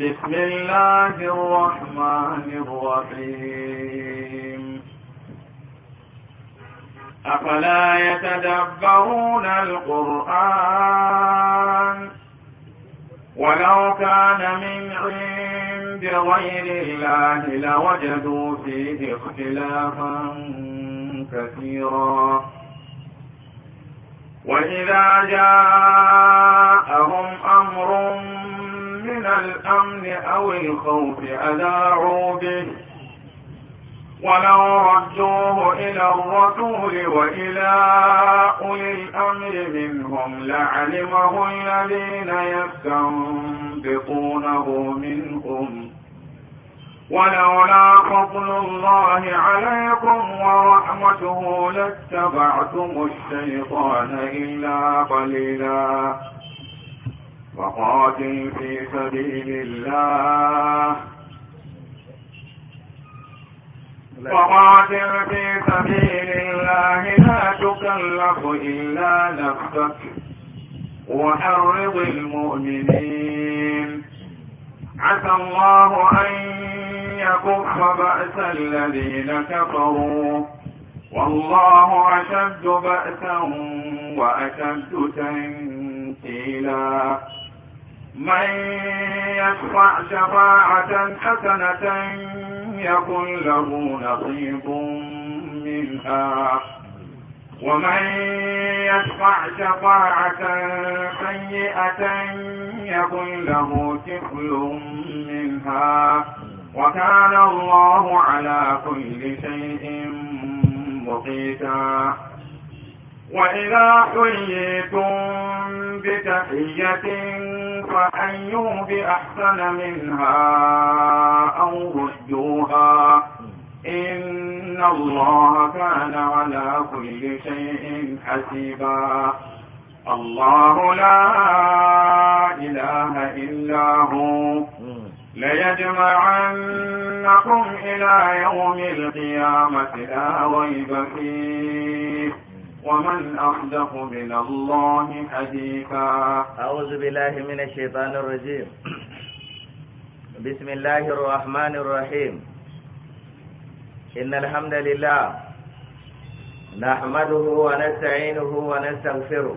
بسم الله الرحمن الرحيم أفلا يتدبرون القرآن ولو كان من عند غير الله لوجدوا فيه اختلافا كثيرا وإذا جاءهم أمر من الأمن أو الخوف أذاعوا به ولو ردوه إلى الرسول وإلى أولي الأمر منهم لعلمه الذين يستنبطونه منهم ولولا فضل الله عليكم ورحمته لاتبعتم الشيطان إلا قليلا وقاتل في سبيل الله وقاتل في سبيل الله لا تكلف إلا نفسك وحرض المؤمنين عسى الله أن يكف بأس الذين كفروا والله أشد بأسا وأشد تنكيلا من يشفع شفاعة حسنة يكن له نصيب منها ومن يشفع شفاعة سيئة يكن له كفل منها وكان الله على كل شيء مقيتا وإذا حييتم بتحية فحيوا بأحسن منها أو ردوها إن الله كان على كل شيء حسيبا الله لا إله إلا هو ليجمعنكم إلى يوم القيامة لا ريب فيه ومن أصدق من الله حديثا أعوذ بالله من الشيطان الرجيم بسم الله الرحمن الرحيم إن الحمد لله نحمده ونستعينه ونستغفره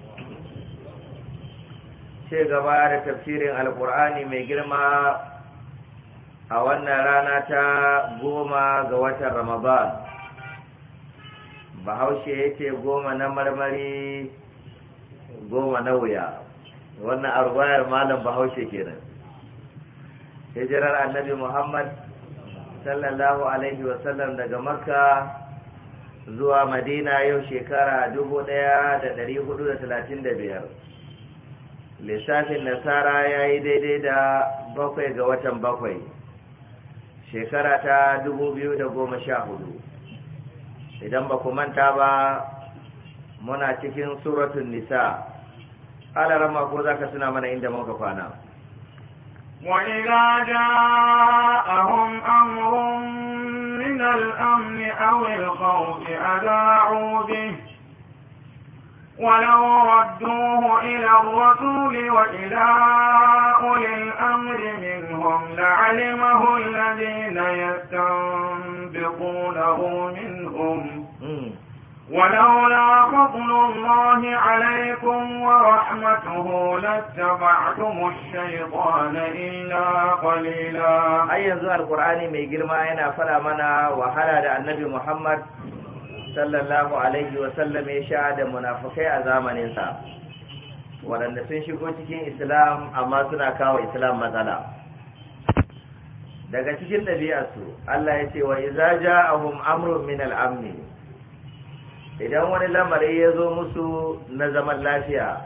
ce gaba da tafsirin alkur'ani mai girma a wannan rana ta goma ga watan ramadan bahaushe ya ce goma na marmari goma na wuya wannan arwayar malam bahaushe kenan hijirar annabi muhammad sallallahu alaihi wasallam daga makka zuwa madina yau shekara dubu ɗaya da da biyar. lissafin nasara ya yi daidai da bakwai ga watan bakwai shekara ta dubu biyu da goma sha hudu idan ba ku manta ba muna cikin suratun nisa alarama ko za ka suna mana inda muka kwana وإذا جاءهم أمر من الأمن أو الخوف أذاعوا به ولو ردوه إلى الرسول وإلى أولي الأمر منهم لعلمه الذين يستنبطونه منهم ولولا فضل الله عليكم ورحمته لاتبعتم الشيطان إلا قليلا أي ينزل القرآن ميجرما ينا فلا منا وحلا النبي محمد sallallahu alaihi wasallam ya sha da munafukai a zamaninsa waɗanda sun shigo cikin islam amma suna kawo islam matsala daga cikin ɗabi'arsu Allah ya ce wa iza ja'ahum amrun min al-amni idan wani lamari ya zo musu na zaman lafiya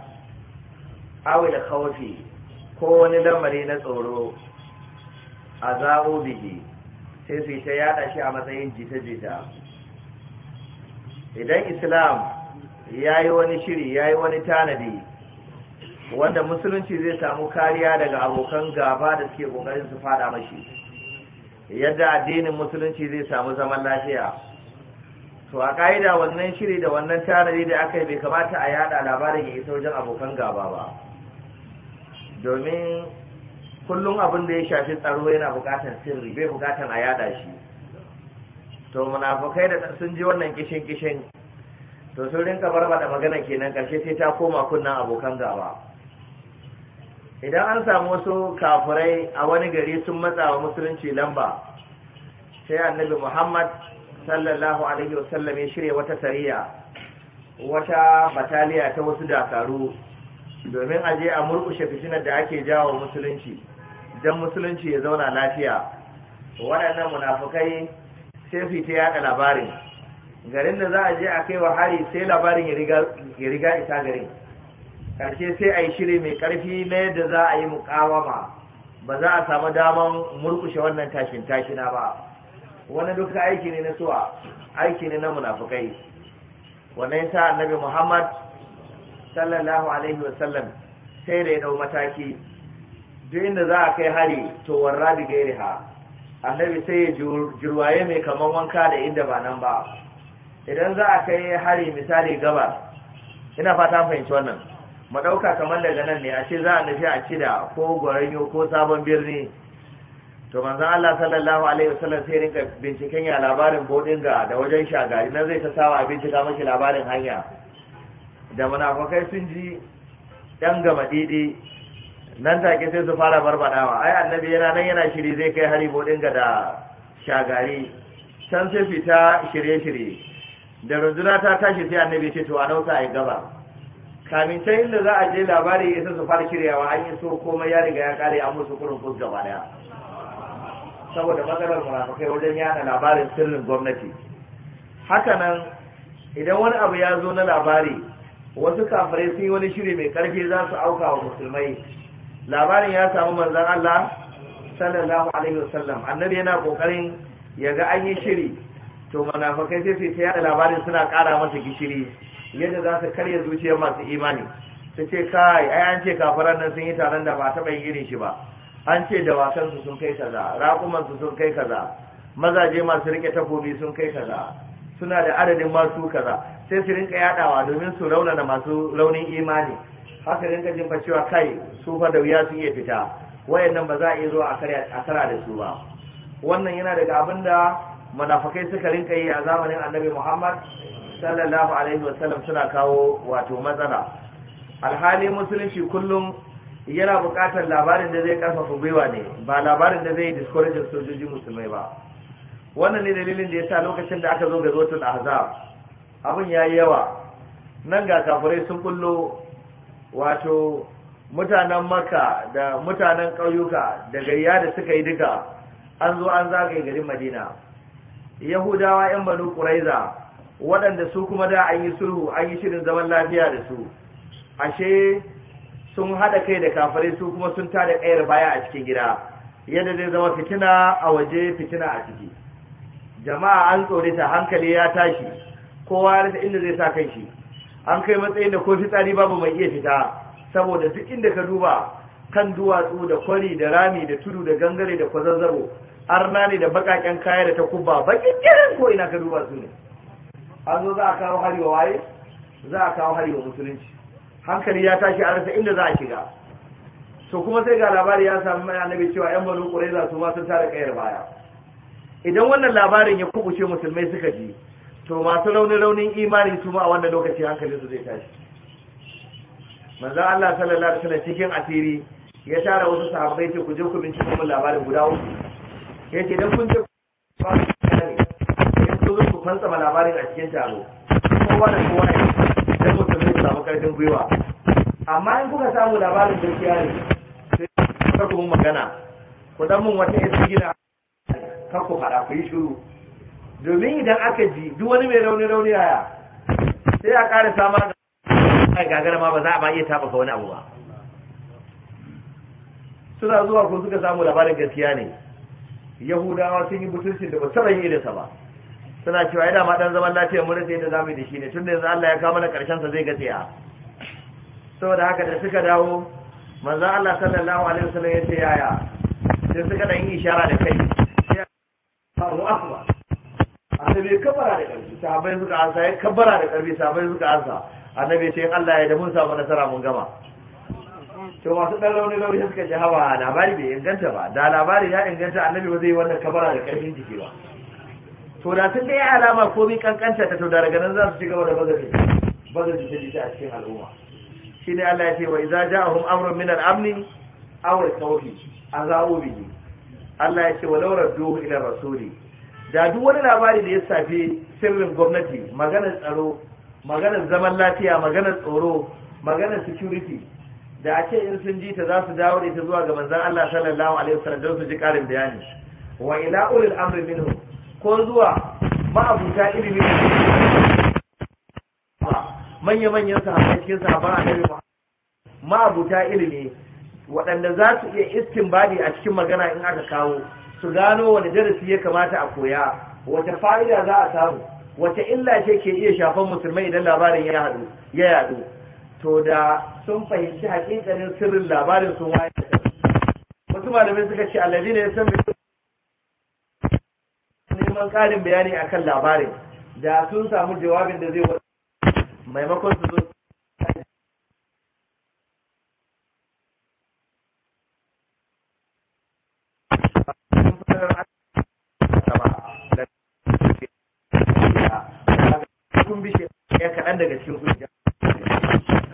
awi da khawfi ko wani lamari na tsoro azabu bihi sai su ta yaɗa shi a matsayin jita-jita idan islam ya yi wani shiri ya yi wani tanadi wanda musulunci zai samu kariya daga abokan gaba da suke kokarin su fada mashi yadda addinin musulunci zai samu zaman lafiya to a ka'ida wannan shiri da wannan tanadi da aka yi bai kamata a yada labarin ya isa wajen abokan gaba ba domin kullum abin da ya shafi tsaro yana bukatar sirri bai bukatar a yada shi to munafukai da sun ji wannan kishin kishin to sun rinka barbada magana kenan karshe sai ta koma kunnan abokan gaba idan an samu wasu kafurai a wani gari sun matsa wa musulunci lamba sai annabi muhammad sallallahu alaihi wasallam ya shirya wata sariya wata bataliya ta wasu dakaru domin a je a murkushe fitinar da ake jawo musulunci don musulunci ya zauna lafiya waɗannan munafukai sai su ta yada labarin garin da za a je a kai wa hari sai labarin ya riga isa garin karshe sai a yi shiri mai karfi na yadda za a yi mukawama ba za a samu daman murkushe wannan tashin tashina ba wani duka aiki ne na suwa aiki ne na munafukai wannan yasa annabi muhammad sallallahu alaihi wasallam sai da ya dau mataki duk inda za a kai hari to warra bi gairiha annabi sai ya jirwaye mai kamar wanka da inda ba nan ba idan za a kai hari misali gabar ina fata fahimci wannan mu ɗauka kamar daga nan ne a ce za a nufi a cida ko gwaranyo ko sabon birni to manzon Allah sallallahu alaihi wasallam sai rinka binciken ya labarin ga da wajen shagari nan zai ta sawa bincika maki labarin hanya da munafukai sun ji ɗan gama nan take sai su fara barbadawa ai annabi yana nan yana shiri zai kai hari bodin ga da shagari can sai fita shirye-shirye da runduna ta tashi sai annabi ce to a nausa a gaba kamin ta inda za a je labari ya su fara shiryawa an yi so komai ya riga ya kare an musu kurun fus gaba daya saboda matsalar munafukai wajen yana labarin sirrin gwamnati haka nan idan wani abu ya zo na labari wasu kafirai sun yi wani shiri mai karfi za su auka wa musulmai labarin ya samu manzan Allah sallallahu alaihi wasallam annabi yana kokarin ya ga an yi shiri to munafikai sai su yada labarin suna kara masa gishiri yadda za su karya zuciyar masu imani su ce kai ai an ce kafaran nan sun yi taron da ba taɓa yin shi ba an ce wasan su sun kai kaza raƙuman su sun kai kaza mazaje masu rike takobi sun kai kaza suna da adadin masu kaza sai su rinka yadawa domin su raunana masu raunin imani haka rinka jin fa cewa kai su fa da wuya sun iya fita wayannan ba za a iya zuwa a kara da su ba wannan yana daga abin da munafikai suka rinka yi a zamanin annabi muhammad sallallahu alaihi wasallam suna kawo wato matsala alhali musulunci kullum yana buƙatar labarin da zai karfafa gwiwa ne ba labarin da zai discourage sojoji musulmai ba wannan ne dalilin da yasa lokacin da aka zo ga zotun ahzab abin yayi yawa nan ga kafirai sun kullo wato mutanen maka da mutanen ƙauyuka da gayya da suka yi duka an zo an zagaye garin madina yahudawa 'yan banu ƙuraiza waɗanda su kuma da an yi sulhu an yi shirin zaman lafiya da su ashe sun haɗa kai da kafare su kuma sun tada ƙayar baya a cikin gida yadda zai zama fitina a waje fitina a ciki jama'a an tsore hankali ya tashi kowa ya rasa inda zai sa kai shi an kai matsayin da ko fitsari babu mai iya fita saboda duk inda ka duba kan duwatsu da kwari da rami da tudu da gangare da kwazazzaro arna ne da bakaken kaya da takubba bakin irin ko ina ka duba su ne an zo za a kawo hari wa waye za a kawo hari wa musulunci hankali ya tashi a rasa inda za a shiga to kuma sai ga labari ya samu mai annabi cewa yan banu zasu su ma sun tare kayar baya idan wannan labarin ya kubuce musulmai suka ji to masu raunin raunin imani su ma a wannan lokaci hankalin su zai tashi manzo Allah sallallahu alaihi wasallam cikin asiri ya tara wasu sahabbai ce ku je ku bincika kuma labarin guda uku yace dan kun je ku ku zo ku fanta labarin a cikin taro kowa da kowa ne, da ku tafi samu karfin gwiwa amma in kuka samu labarin gaskiya ne sai ku magana ku dan mun wata isgida ka ku fara ku yi shiru domin idan aka ji duk wani mai rauni rauni yaya sai a ƙara sama da ai gagara ma ba za a ba iya taba ka wani abu ba suna zuwa ko suka samu labarin gaskiya ne yahudawa sun yi mutuncin da ba saba yi irinsa ba suna cewa yana ma dan zaman lafiya mun rasa yadda zamu yi da shi ne tunda yanzu Allah ya kawo mana karshen sa zai ga tsaya saboda haka da suka dawo manzon Allah sallallahu alaihi wasallam ya ce yaya sai suka dan yi ishara da kai sai Allahu akbar annabi ya kabbara da ƙarfi sahabbai suka ansa ya kabbara da ƙarfi sahabbai suka ansa annabi sai Allah ya da mun samu nasara mun gama to masu ɗan rauni rauni suka ce hawa labari bai inganta ba da labari ya inganta annabi ba zai yi wannan kabbara da ƙarfin jiki ba to da sun ɗaya alama ko bi kankanta ta to da daga nan za su ci gaba da bazafi bazafi ta jita a cikin al'umma shi ne Allah ya ce wa idza ja'ahum amrun min al-amni aw al-khawfi azaa'u bihi Allah ya ce wa law radduhu ila rasuli da duk wani labari da ya safe sirrin gwamnati maganar tsaro maganar zaman lafiya maganar tsoro maganar security da a ce in sun ji ta za su dawo da ita zuwa ga manzon Allah sallallahu alaihi wasallam don su ji karin bayani wa ila ulil amri minhu ko zuwa ma'abuta ilimi manya-manyan sahabbai cikin sahabban annabi ma'abuta ilimi waɗanda za su iya istinbadi a cikin magana in aka kawo su gano wani darasi ya kamata a koya wace fa'ida za a samu wace illa ce ke iya shafan musulmai idan labarin ya haɗu ya yaɗu to da sun fahimci hakikanin sirrin labarin sun waye wasu malamai suka ce alladi ne ya san neman ƙarin bayani akan labarin da sun samu jawabin da zai maimakon su zo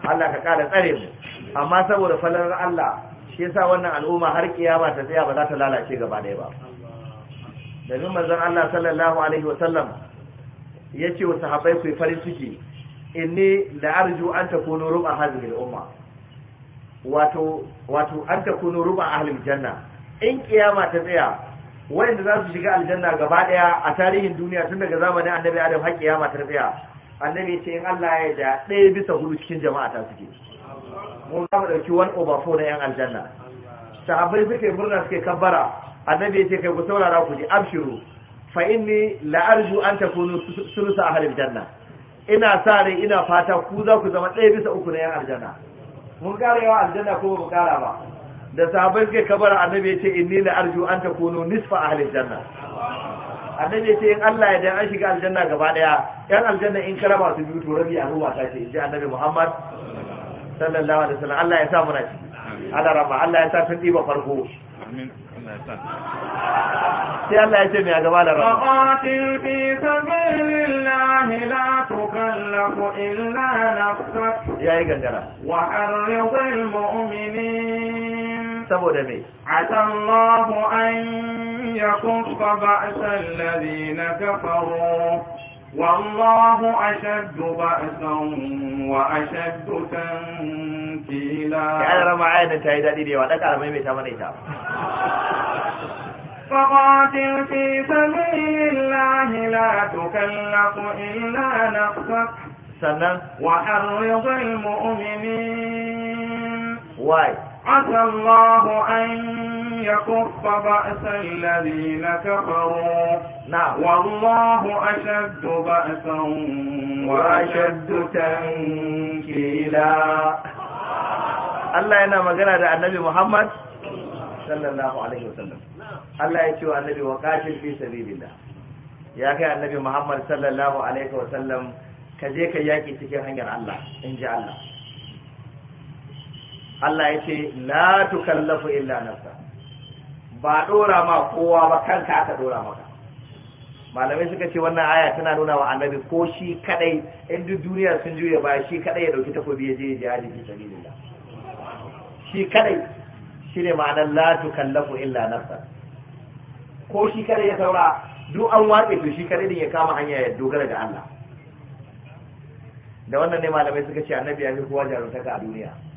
Allah ka ƙara tsare mu amma saboda falalar Allah shi yasa wannan al'umma har kiyama ta tsaya ba za ta lalace gaba ɗaya ba da domin manzon Allah sallallahu alaihi wa sallam yace wa sahabbai ku farin ciki inni la arju an takunu ruba hadhihi al-umma wato wato an takunu ruba ahli janna in kiyama ta tsaya wayanda za su shiga aljanna gaba daya a tarihin duniya tun daga zamanin annabi adam har kiyama ta tsaya annabi ce in Allah ya da ɗaya bisa hudu cikin jama'a ta suke mu za mu ɗauki one over four na yan aljanna sahabbai suke murna suke kabbara annabi ya ce kai ku saurara ku ji abshiru fa inni la arju an takunu sulusa ahli janna ina sa rai ina fata ku za ku zama ɗaya bisa uku na yan aljanna mun ƙara yawa aljanna ko ba mu ƙara ba da sahabai suke kabara annabi ya ce inni la arju an takunu nisfa ahli janna annabi ya ce in Allah ya dan an shiga aljanna gaba daya yan aljanna in karaba su biyu to rabi al'umma ta ce inji annabi Muhammad sallallahu alaihi wasallam Allah ya sa mu na Allah rabba Allah ya sa tun diba farko amin sai Allah ya ce mai a gaba da rabba Faƙatil fi sabilillahi la tukallafu illa nafsak. Ya yi gangara. Wa harriqil mu'minin تبودمي عسى الله أن يكف بأس الذين كفروا والله أشد بأسا وأشد تنكيلا يا أنا رمى عين أنت هيدا ديدي وعدك على ميمي تامني فقاتل في سبيل الله لا تكلف إلا نفسك سنة وحرّض المؤمنين واي عسى الله أن يكف بأس الذين كفروا والله أشد بأسا وأشد تنكيلا Allah yana magana da annabi Muhammad sallallahu alaihi wasallam. Allah ya ce wa annabi wa kafir fi sabilillah. Ya kai annabi Muhammad sallallahu alaihi wasallam ka je ka yaki cikin hanyar Allah Inji Allah. Allah ya ce la tukallafu illa nafsa ba dora ma kowa ba kanka aka dora maka malamai suka ce wannan aya tana nuna wa annabi ko shi kadai in duk duniya sun juya ba shi kadai ya dauki takobi ya je ya jihadi fi sabilillah shi kadai shine ma'anar la tukallafu illa nafsa ko shi kadai ya saura duk an watse to shi kadai din ya kama hanya ya dogara ga Allah da wannan ne malamai suka ce annabi ya fi kowa jarumtaka a duniya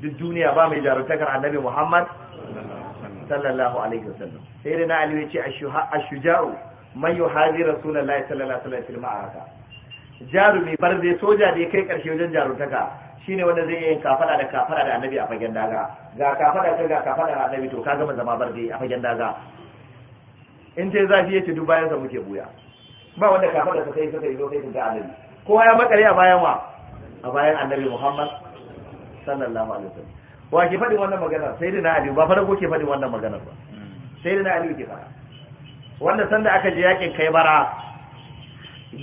duk duniya ba mai jarumtakar annabi Muhammad sallallahu alaihi wasallam sai da na Ali ya ce ashuja'u man yuhazi rasulullahi sallallahu alaihi wasallam haka. jarumi barze soja da ya kai karshe wajen jarumtaka shine wanda zai yin kafada da kafada da annabi a fagen daga ga kafada ka ga kafada da annabi to ka gama zama bar barde a fagen daga in dai zafi yace duk bayan sa muke buya ba wanda kafada ka kai ka sai zo kai ga annabi kowa ya makare a bayan wa a bayan annabi Muhammad sallallahu alaihi wasallam wa ke faɗin wannan magana sai da na ba farko ke faɗin wannan magana ba sai da ke fara wanda sanda aka je yakin kai bara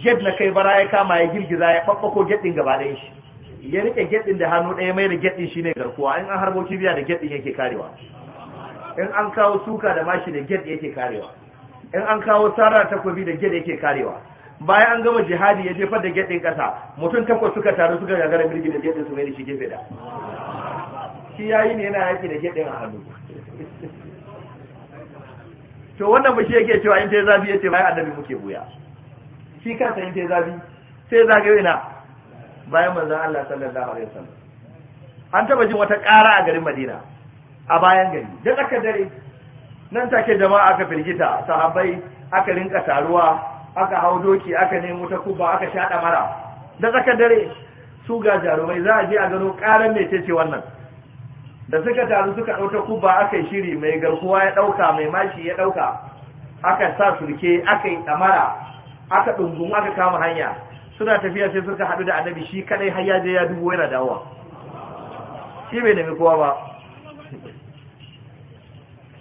jet na kai bara ya kama ya girgiza ya faffako jet din gaba ɗaya shi ya rike jet din da hannu ɗaya mai da jet din shine garkuwa in an harbo kibiya da jet din yake karewa in an kawo suka da mashi da jet yake karewa in an kawo sarar takobi da jet yake karewa bayan an gama jihadi ya jefar da gedin kasa mutum takwas suka taru suka gagara birgi da gedin su mai da shi gefe da shi yayi ne yana yaki da gedin a hannu to wannan ba shi yake cewa in ta zafi yace bayan annabi muke buya shi kansa in ta zafi sai zage ina bayan manzon Allah sallallahu alaihi wasallam an taba jin wata ƙara a garin Madina a bayan gari da tsakar dare nan take jama'a aka firgita sahabbai aka rinka taruwa aka hau doki aka nemo ta kuba aka shaɗa mara da tsakar dare su ga jarumai za a je a gano ƙarar mai ce wannan da suka taru suka ɗau ta kuba aka yi shiri mai garkuwa ya ɗauka mai mashi ya ɗauka aka sa surke aka yi ɗamara aka ɗungun aka kama hanya suna tafiya sai suka haɗu da annabi shi kaɗai har ya je ya dubo yana dawowa shi bai nemi kowa ba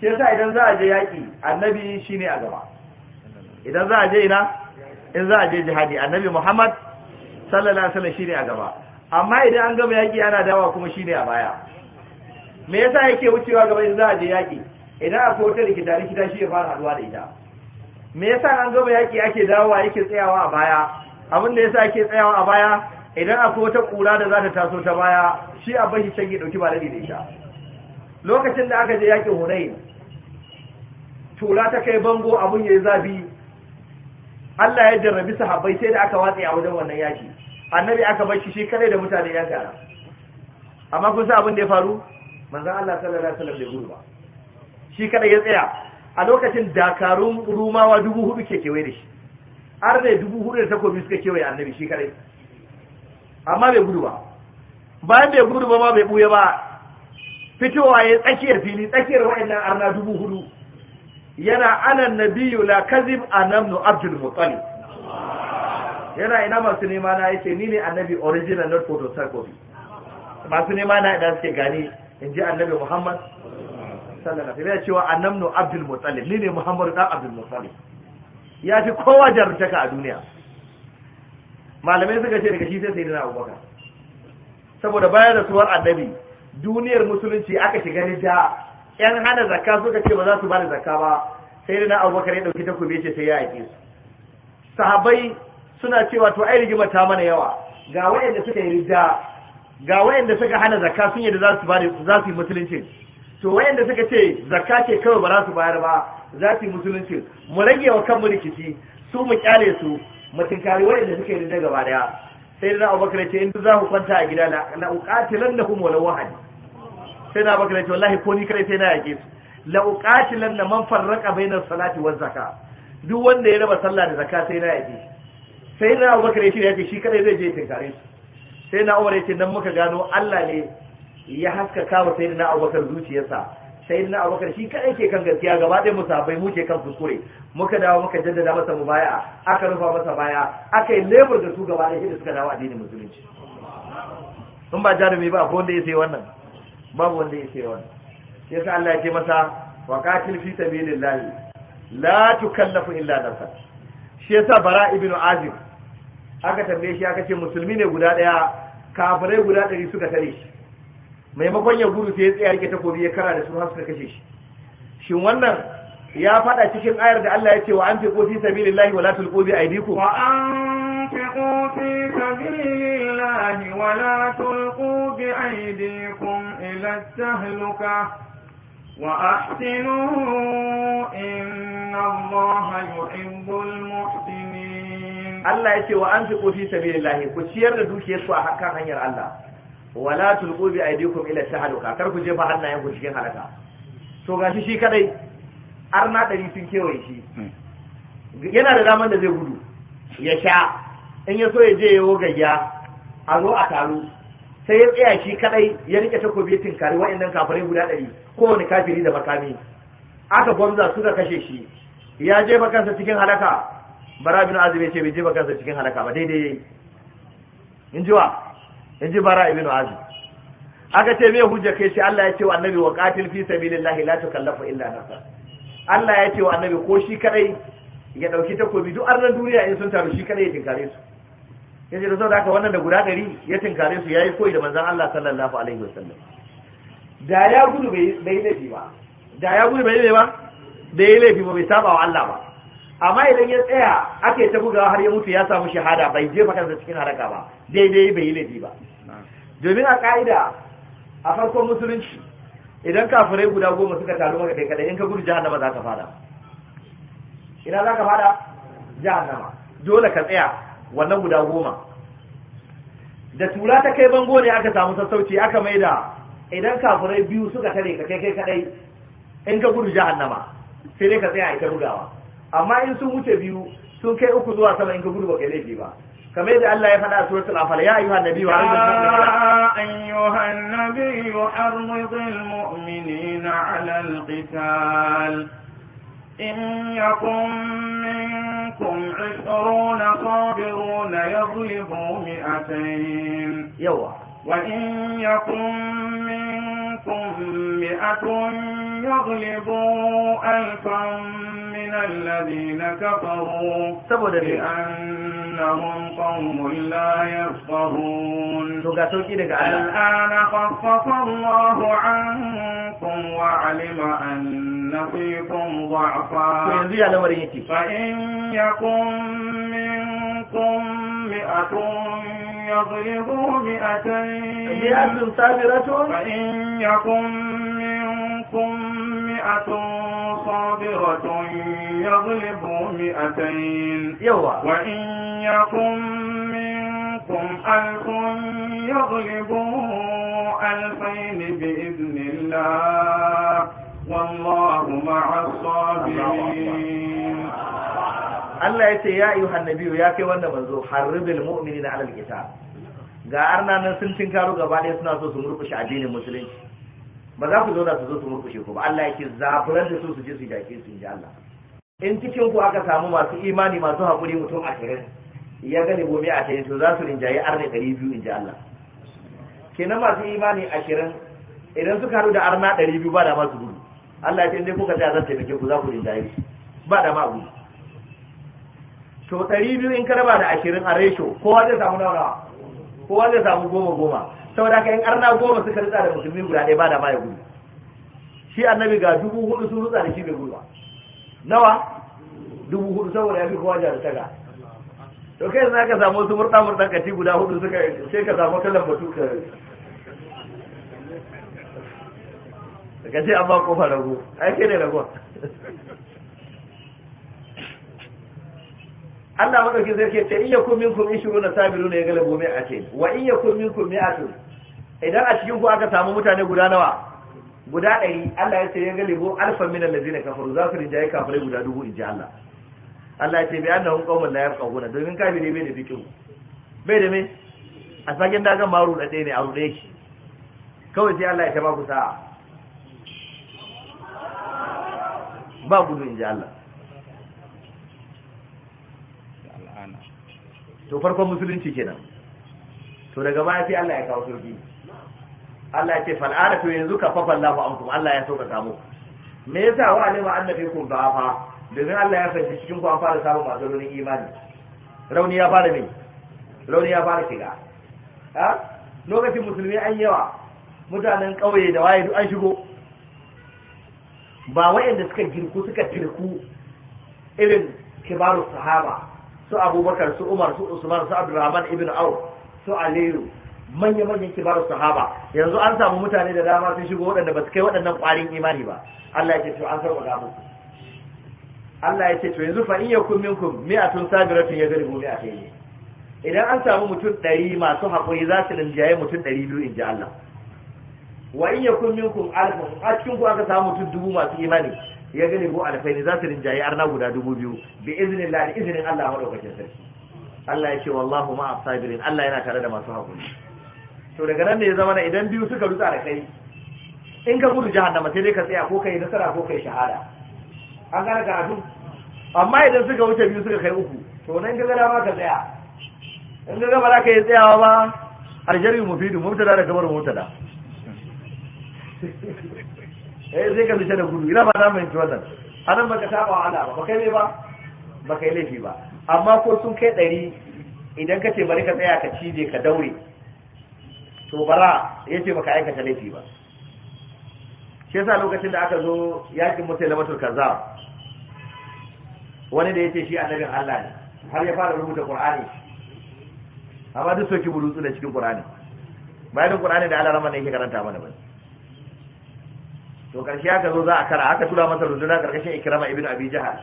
shi sa idan za a je yaƙi annabi shi ne a gaba idan za a je ina in za a je jihadi annabi muhammad sallallahu alaihi wasallam shine a gaba amma idan an gama yaki ana dawa kuma shine a baya me yasa yake wucewa gaba in za a je yaki idan akwai wata kidari rikita shi ya fara haduwa da ita me yasa an gama yaki ake dawowa yake tsayawa a baya abin da yasa yake tsayawa a baya idan akwai wata kura da za ta taso ta baya shi a bashi can ya dauki ba da ita lokacin da aka je yakin hunain tura ta kai bango abin yayi zafi Allah ya jarrabi sahabbai sai da aka watsi a wajen wannan yaki annabi aka bar shi shi kare da mutane yan gara amma kun san abin da ya faru manzon Allah sallallahu alaihi wasallam bai gudu ba shi kada ya tsaya a lokacin dakarun rumawa dubu hudu ke kewaye da shi har ne dubu hudu da takobi suka kewaye annabi shi kadai amma bai gudu ba bayan bai gudu ba ma bai buye ba fitowa ya tsakiyar fili tsakiyar wa'annan arna dubu hudu yana ana nabiyu la kazib anamnu abdul muttalib yana ina masu nema na yace ni ne annabi original not photocopy masu nema na idan suke gani in ji annabi muhammad sallallahu alaihi wasallam cewa annabnu abdul muttalib ni ne muhammadu dan abdul muttalib ya fi kowa jarumtaka a duniya malamai suka ce daga shi sai sayyidina abubakar saboda bayan rasuwar annabi duniyar musulunci aka shiga ni da. yan hana zakka suka ce ba za su bada zakka ba sai da abubakar ya dauki takobi ce sai ya yake su sahabai suna cewa to ai rigima ta mana yawa ga wayanda suka yi rida ga wayanda suka hana zakka sun yadda za su bada za su yi musulunci to wayanda suka ce zakka ce kawai ba za su bayar ba za su yi musulunci mu rage wa kanmu rikici su mu kyale su mu tinkari wayanda suka yi rida gaba daya sai da abubakar ce in za ku kwanta a gida la uqatilannakum wala wahid sai na bakar ce wallahi ko ni kai sai na yake su la uqatilan man farraqa bainas salati waz zakat duk wanda ya raba sallah da zakka sai na yake sai na Abubakar ya ce yake shi kadai zai je tinkare su sai na Umar ya ce nan muka gano Allah ne ya haskaka wa na Abubakar zuciyarsa na Abubakar shi kadai yake kan gaskiya gaba ɗaya musabai muke kan kuskure muka dawo muka jaddada masa mubaya'a aka rufa masa baya aka yi lebur da su gaba ɗaya da suka dawo addinin musulunci in ba jarumi ba ko wanda ya sai wannan babu wanda yake wannan sai sa Allah ya ce masa wa qatil fi sabilillah la tukallafu illa nafsak shi yasa bara ibn azib aka tambaye shi aka ce musulmi ne guda daya kafirai guda ɗari suka tare shi maimakon ya gudu sai ya tsaya rike takobi ya kara da su har suka kashe shi shin wannan ya faɗa cikin ayar da Allah ya ce wa an fi kofi sabilillahi wa la tulqu bi aydikum wa an تنفقوا في سبيل الله ولا تلقوا بأيديكم إلى التهلكة وأحسنوا إن الله يحب المحسنين الله يتي وأنفقوا في سبيل الله كتير دوك يسوى حقا غير الله ولا تلقوا بأيديكم إلى التهلكة تركوا جيبا حدنا ينقل شكين حلقا سو غاشي شي كدي أرنا دري سنكيوي شي yana da daman da zai gudu ya sha in ya so ya je yawo gayya a zo a taru sai ya tsaya shi kadai ya rike takobi tinkari wa'annan kafirai guda ɗari kowane kafiri da makami aka gwamza suka kashe shi ya jefa kansa cikin halaka bara bin azib ya ce bai jefa kansa cikin halaka ba daidai yayi in ji wa in ji bara ibn azib aka ce me hujja kai shi Allah ya ce wa annabi wa qatil fi sabilillahi la tukallafu illa nafsa Allah ya ce wa annabi ko shi kadai ya dauki takobi duk arnan duniya in sun taru shi kadai ya tinkare su ya ce da sau da wannan da guda ɗari ya tinkare su ya yi koyi da manzan Allah sallallahu alaihi wasallam da ya gudu bai yi laifi ba da ya gudu bai yi ba bai yi laifi ba bai saba wa Allah ba amma idan ya tsaya ake ta bugawa har ya mutu ya samu shahada bai jefa kansa cikin haraka ba daidai bai yi laifi ba domin a ka'ida a farkon musulunci idan kafirai guda goma suka taru maka kai kadai in ka gudu jahannama za ka fada ina za ka fada jahannama dole ka tsaya wannan guda goma da tura ta kai bango ne aka samu sassauci aka maida idan kafirai biyu suka tare ka kai kai kadai in ka gudu jahannama sai dai ka tsaya ita bugawa amma in sun wuce biyu sun kai uku zuwa sama in ka gudu ba kai laifi ba kamar yadda Allah ya faɗa a suratul anfal ya ayyuhan nabiyyu ayyuhan nabiyyu arridil mu'minina 'ala al-qital yakum min تستكبرون صابرون يغلبوا مئتين يوه وإن يكن من مئة يغلبوا ألفا من الذين كفروا بأنهم قوم لا يفقهون الآن خفف الله عنكم وعلم أن فيكم ضعفا فإن يكن منكم مئة يضربوا مئتين صابرة فإن يكن منكم مئة صابرة يغلبوا مئتين وإن يكن منكم ألف يغلبوا ألفين بإذن الله والله مع الصابرين Allah ya ce ya ayyuhan nabiyyu ya kai wanda manzo harribil mu'minina alal qital ga arna nan sun karo gaba ɗaya suna so su murkushe addinin musulunci ba za ku zo da su zo su murkushe ku ba Allah yake zaburar da su su je su jake su inji Allah in cikin ku aka samu masu imani masu haƙuri mutum a ashirin ya gani gobe a tayin to za su rinjaye arne ɗari biyu inji Allah kenan masu imani ashirin idan suka haɗu da arna ɗari biyu ba da masu gudu Allah ya ce in dai kuka tsaya zan taimake ku za ku rinjaye ba da ma gudu to ɗari biyu in ka raba da ashirin a ratio kowa zai samu nawa kowa zai samu goma goma saboda haka in arna goma suka rutsa da musulmi guda ɗaya ba da ma ya gudu shi annabi ga dubu hudu sun rutsa da shi bai gudu ba nawa dubu hudu saboda ya fi kowa ga. to kai za ka samu wasu murta murɗan kati guda hudu suka sai ka samu kallon batu ka ka ce an ba kofa rago ai kai ne ragon Allah madaukin sarki ce in yakun minkum ishiruna sabiruna a mi'atin wa in yakun minkum mi'atun idan a cikin ku aka samu mutane guda nawa guda ɗari Allah ya ce ya galibu alfan min allazina kafaru za su rinjaye kafirai guda dubu inji Allah Allah ya ce bi annahum qawmun la yafqahuna domin kafiri bai da fikin bai da me a sakin dagan maru ruɗa ɗaya ne a ruɗe shi kawai sai Allah ya ta ba ku sa'a ba gudu inji Allah to farkon musulunci kenan to daga baya sai Allah ya kawo sauki Allah ya ce fal'ada to yanzu ka fafa Allah ankum Allah ya sauka samu me yasa wa alima annabi kun da'afa domin Allah ya fanci cikin ku an fara samun masu imani rauni ya fara me rauni ya fara shiga ha lokacin musulmi an yawa mutanen kauye da waye an shigo ba wayanda suka girku suka tirku irin kibaru sahaba su abubakar su umar su usman su abdurrahman ibn auf su aliyu manya-manyan kibar sahaba yanzu an samu mutane da dama sun shigo waɗanda ba su kai waɗannan ƙwarin imani ba Allah ya ce to an sarwa muku Allah ya ce to yanzu fa in yakun minkum mi'atun sabiratun yadribu mi'atayn idan an samu mutum ɗari masu haƙuri za su rinjaye mutum ɗari biyu in ji Allah wa in yakun minkum alfun a cikin ku aka samu mutum dubu masu imani ya gani ko alfaini za su rinjaye arna guda dubu biyu bi izinin Allah izinin Allah madaukakin sarki Allah ya ce wallahu ma asabirin Allah yana tare da masu hakuri to daga nan ne ya zama na idan biyu suka rutsa da kai in ka gudu jahannama sai dai ka tsaya ko kai nasara ko kai shahada an gane abu amma idan suka wuce biyu suka kai uku to nan ka gada ma ka tsaya in ka gaba za ka yi tsayawa ba aljari mufidu mubtada da kamar mubtada eh sai ka zuce da gudu ina ba za mu yanki wannan anan baka saba wa ala ba kai ne ba ba kai laifi ba amma ko sun kai ɗari idan ka ce bari ka tsaya ka cije ka daure to bara ya ce baka aikata laifi ba shi yasa lokacin da aka zo yakin mutai lamatul kaza wani da ya ce shi annabin Allah ne har ya fara rubuta Qur'ani amma duk soki burutsu da cikin Qur'ani bayan Qur'ani da Allah rama ne yake karanta mana bane to karshe aka zo za a kara aka tura masa runduna karkashin ikrama ibn abi jahal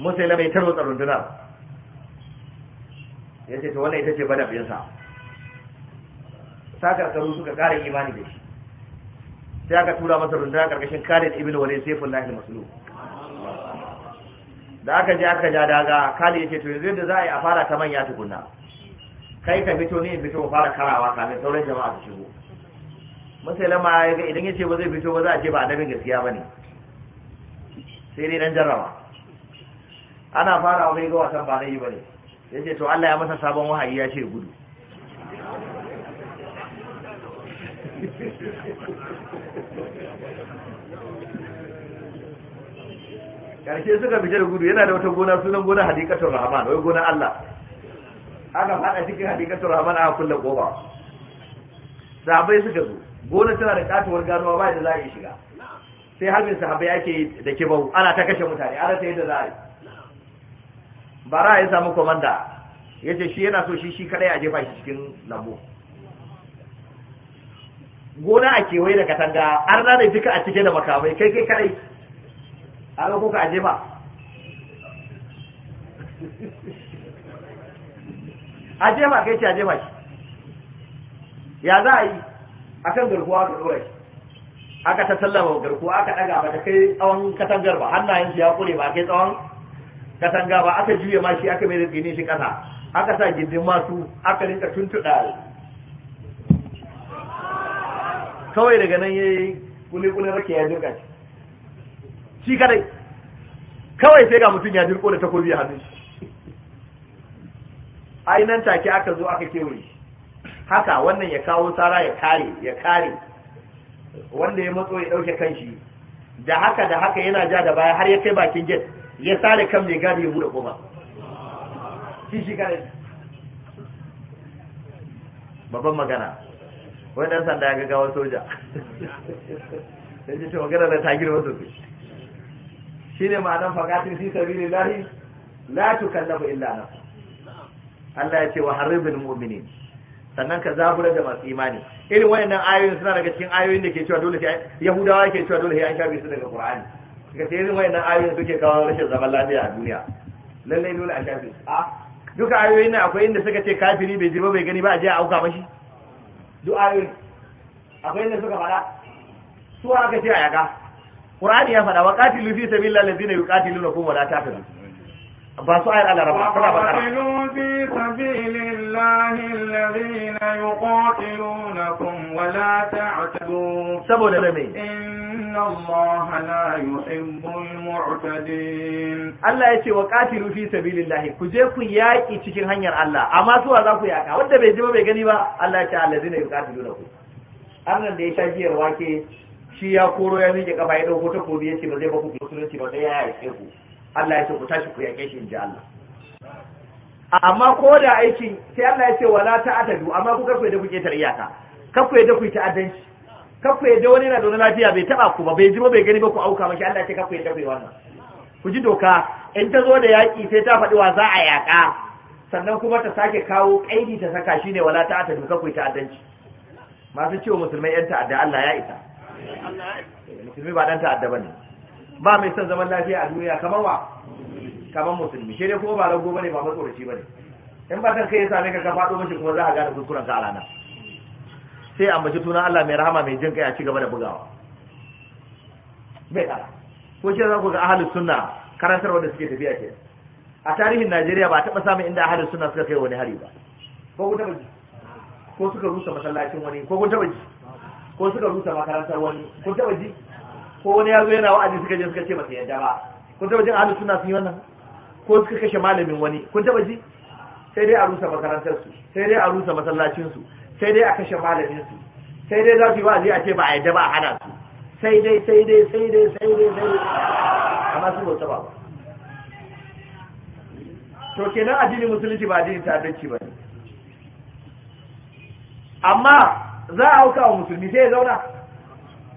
musaila mai tarwatsa rundunar ya ce to wannan ita ce saka karu suka kare imani da shi sai aka tura masa rundunar karkashin khalid ibn walid saifin lahil masulun da aka je aka ja daga kali yace to yanzu yadda za a yi a fara ta manya tukunna kai ka fito ne fito fara karawa kafin sauran jama'a su shigo masalama ya idan ya ce ba zai fito ba za a ce ba annabin gaskiya ba ne sai dai dan jarraba ana fara wani ga wasan ba yi ba ne ya ce to Allah ya masa sabon wahayi ya ce gudu karshe suka fice da gudu yana da wata gona sunan gona hadikatul rahman wai gona Allah ana fada cikin hadikatul rahman a kulle koba sabai suka zo gona tana da katuwar ganuwa ba da za a yi shiga sai harbin sahabai ake da bau ana ta kashe mutane ana ta yadda za a yi bara ya samu komanda ya ce shi yana so shi shi kadai a jefa shi cikin lambu gona a kewaye da katanga an rana duka a cike da makamai kai kai kadai a ga kuka a jefa a jefa kai ce a jefa shi ya za a yi akan garkuwa aka dora shi aka ta sallama garkuwa aka daga ba ta kai tsawon katangar ba hannayen shi ya kure ba kai tsawon katanga ba aka juye ma shi aka mai gine shi kasa aka sa gindin masu aka rinka tuntuɗa kawai daga nan yayi kuli rake ya jirga shi shi kadai kawai sai ga mutum ya dirko da takobi a hannun shi ainihin take aka zo aka kewaye haka wannan ya kawo tsara ya kare ya kare wanda ya matso ya ɗauke kanshi da haka da haka yana ja da baya har ya kai bakin gate ya sare kan mai gadi ya bude ƙofa shi shi kare babban magana wai dan sanda ya gaggawa soja da ce magana da ta girma sosai shi ne ma'anar fagatin fi sabili lahi la tukallabu illa nafsa Allah ya ce wa harribil mu'minin sannan ka zabura da masu imani irin wayannan ayoyin suna daga cikin ayoyin da ke cewa dole sai yahudawa ke cewa dole sai an shafe su daga qur'ani kaga sai irin wayannan ayoyin suke kawo rashin zaman lafiya a duniya lalle dole a shafe su a duka ayoyin nan akwai inda suka ce kafiri bai jiba bai gani ba a je a auka mashi duk ayoyin akwai inda suka faɗa su aka ce a yaga qur'ani ya faɗa wa qatilu fi sabilillahi allazina yuqatilunakum wa la tafiru ba su ayar Allah ba ba ba الله الذين يقاتلونكم ولا تعتدوا سبب إن الله لا يحب المعتدين الله يتي وقاتلوا في سبيل الله كجيكو ياكي cikin hanyar Allah amma suwa za ku yaka wanda bai ji ba bai gani ba Allah ya ce da yuqatilunakum annan da ya sha wake shi ya koro ya miƙe kafa ya dauko ya ce ba zai ba ku musulunci ba da ya yake ku Allah ya ce ku tashi ku yake shi inji Allah amma ko da aikin sai Allah ya ce wala ta'tadu amma ku karku da kuke tar iyaka karku da ku ta'addanci karku da wani yana da wani lafiya bai taba ku ba bai ji bai gani ba ku auka maki Allah ya ce karku da ku wannan ku ji doka in ta zo da yaki sai ta faɗi wa za a yaka sannan kuma ta sake kawo kaidi ta saka shine wala ta'tadu karku ta'addanci masu cewa musulmai yan ta'adda Allah ya isa musulmi ba dan ta'adda bane ba mai son zaman lafiya a duniya kamar wa ban musulmi shi dai kuma ba rago bane ba matsoraci bane in ba kan kai ya same ka ka fado mishi kuma za a gane kuskuren ka a sai a mace tunan Allah mai rahama mai jin kai a ci gaba da bugawa bai kala. ko shi za ku ga ahalus sunna karantarwa da suke tafiya ke a tarihin Najeriya ba a taɓa samun inda ahalus sunna suka kai wani hari ba ko kun taɓa ji ko suka rusa masallacin wani ko kun taɓa ji ko suka rusa makarantar wani kun taɓa ji ko wani ya zo yana wa'azi suka je suka ce ba su yadda ba kun taɓa jin ahalus sunna sun yi wannan ko suka kashe malamin wani kun taba ji sai dai a rusa makarantar su sai dai a rusa masallacin su sai dai a kashe malamin su sai dai za su yi wa'azi a ce ba a yadda ba a hana su sai dai sai dai sai dai sai dai sai dai amma su bauta ba to kenan addinin musulunci ba addinin ta'addanci ba ne amma za a hauka wa musulmi sai ya zauna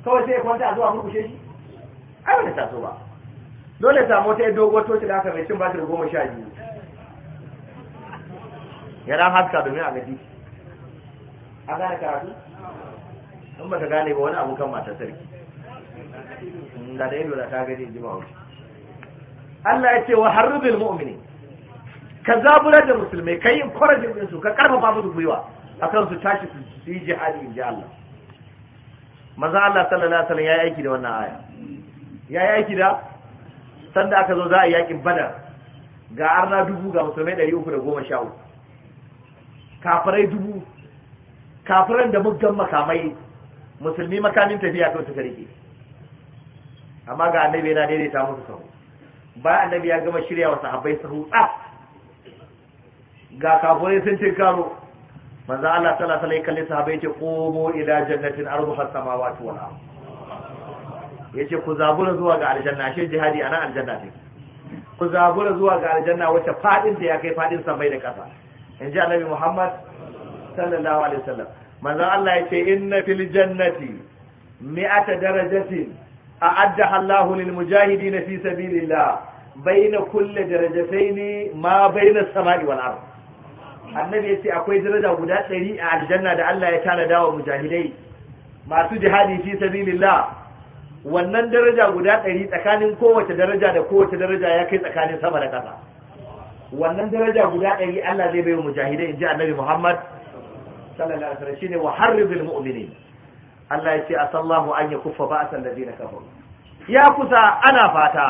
kawai sai ya kwanta a zuwa murkushe shi ai ba ta so ba dole samu wata dogo toci da aka mai cin batir goma sha biyu ya ran haska domin a gaji a gane karatu in ba ta gane ba wani abokan mata sarki da da ido da ta gani ji ma'auki Allah ya ce wa harrubil mu'mini ka zaburar da musulmai ka yi kwarajin ɗinsu ka karfafa musu gwiwa akan su tashi su yi jihadi in ji Allah maza Allah sallallahu alaihi wasallam ya yi aiki da wannan aya ya yi aiki da sanda aka zo za a yakin badar ga arna dubu ga musulmai ɗari uku da goma sha uku kafirai dubu kafiran da muggan makamai musulmi makamin tafiya kawai suka rike amma ga annabi yana daidaita musu sahu bayan annabi ya gama shirya wa sahabbai sahu tsaf ga kafirai sun ce karo manzo Allah sallallahu alaihi wasallam ya kalli sahabbai ya ce qumu ila jannatin arduha samawati wal ardh yace ku zabura zuwa ga aljanna ashe jihadi ana aljanna take ku zabura zuwa ga aljanna wacce fadin da ya kai fadin samai da ƙasa? in ji annabi muhammad sallallahu alaihi wasallam manzon Allah yace inna fil jannati mi'ata darajatin a'adda Allahu lil mujahidin fi sabilillah baina kulli darajataini ma baina as-sama'i wal ard annabi yace akwai daraja guda 100 a aljanna da Allah ya tana dawo mujahidai masu jihadi fi sabilillah wannan daraja guda ɗari tsakanin kowace daraja da kowace daraja ya kai tsakanin sama da ƙasa wannan daraja guda ɗari Allah zai bai wa mujahidai in ji annabi Muhammad sallallahu alaihi wasallam shine wa harribil mu'minin Allah ya ce asallahu an kuffa ba'san ladina kafaru ya kusa ana fata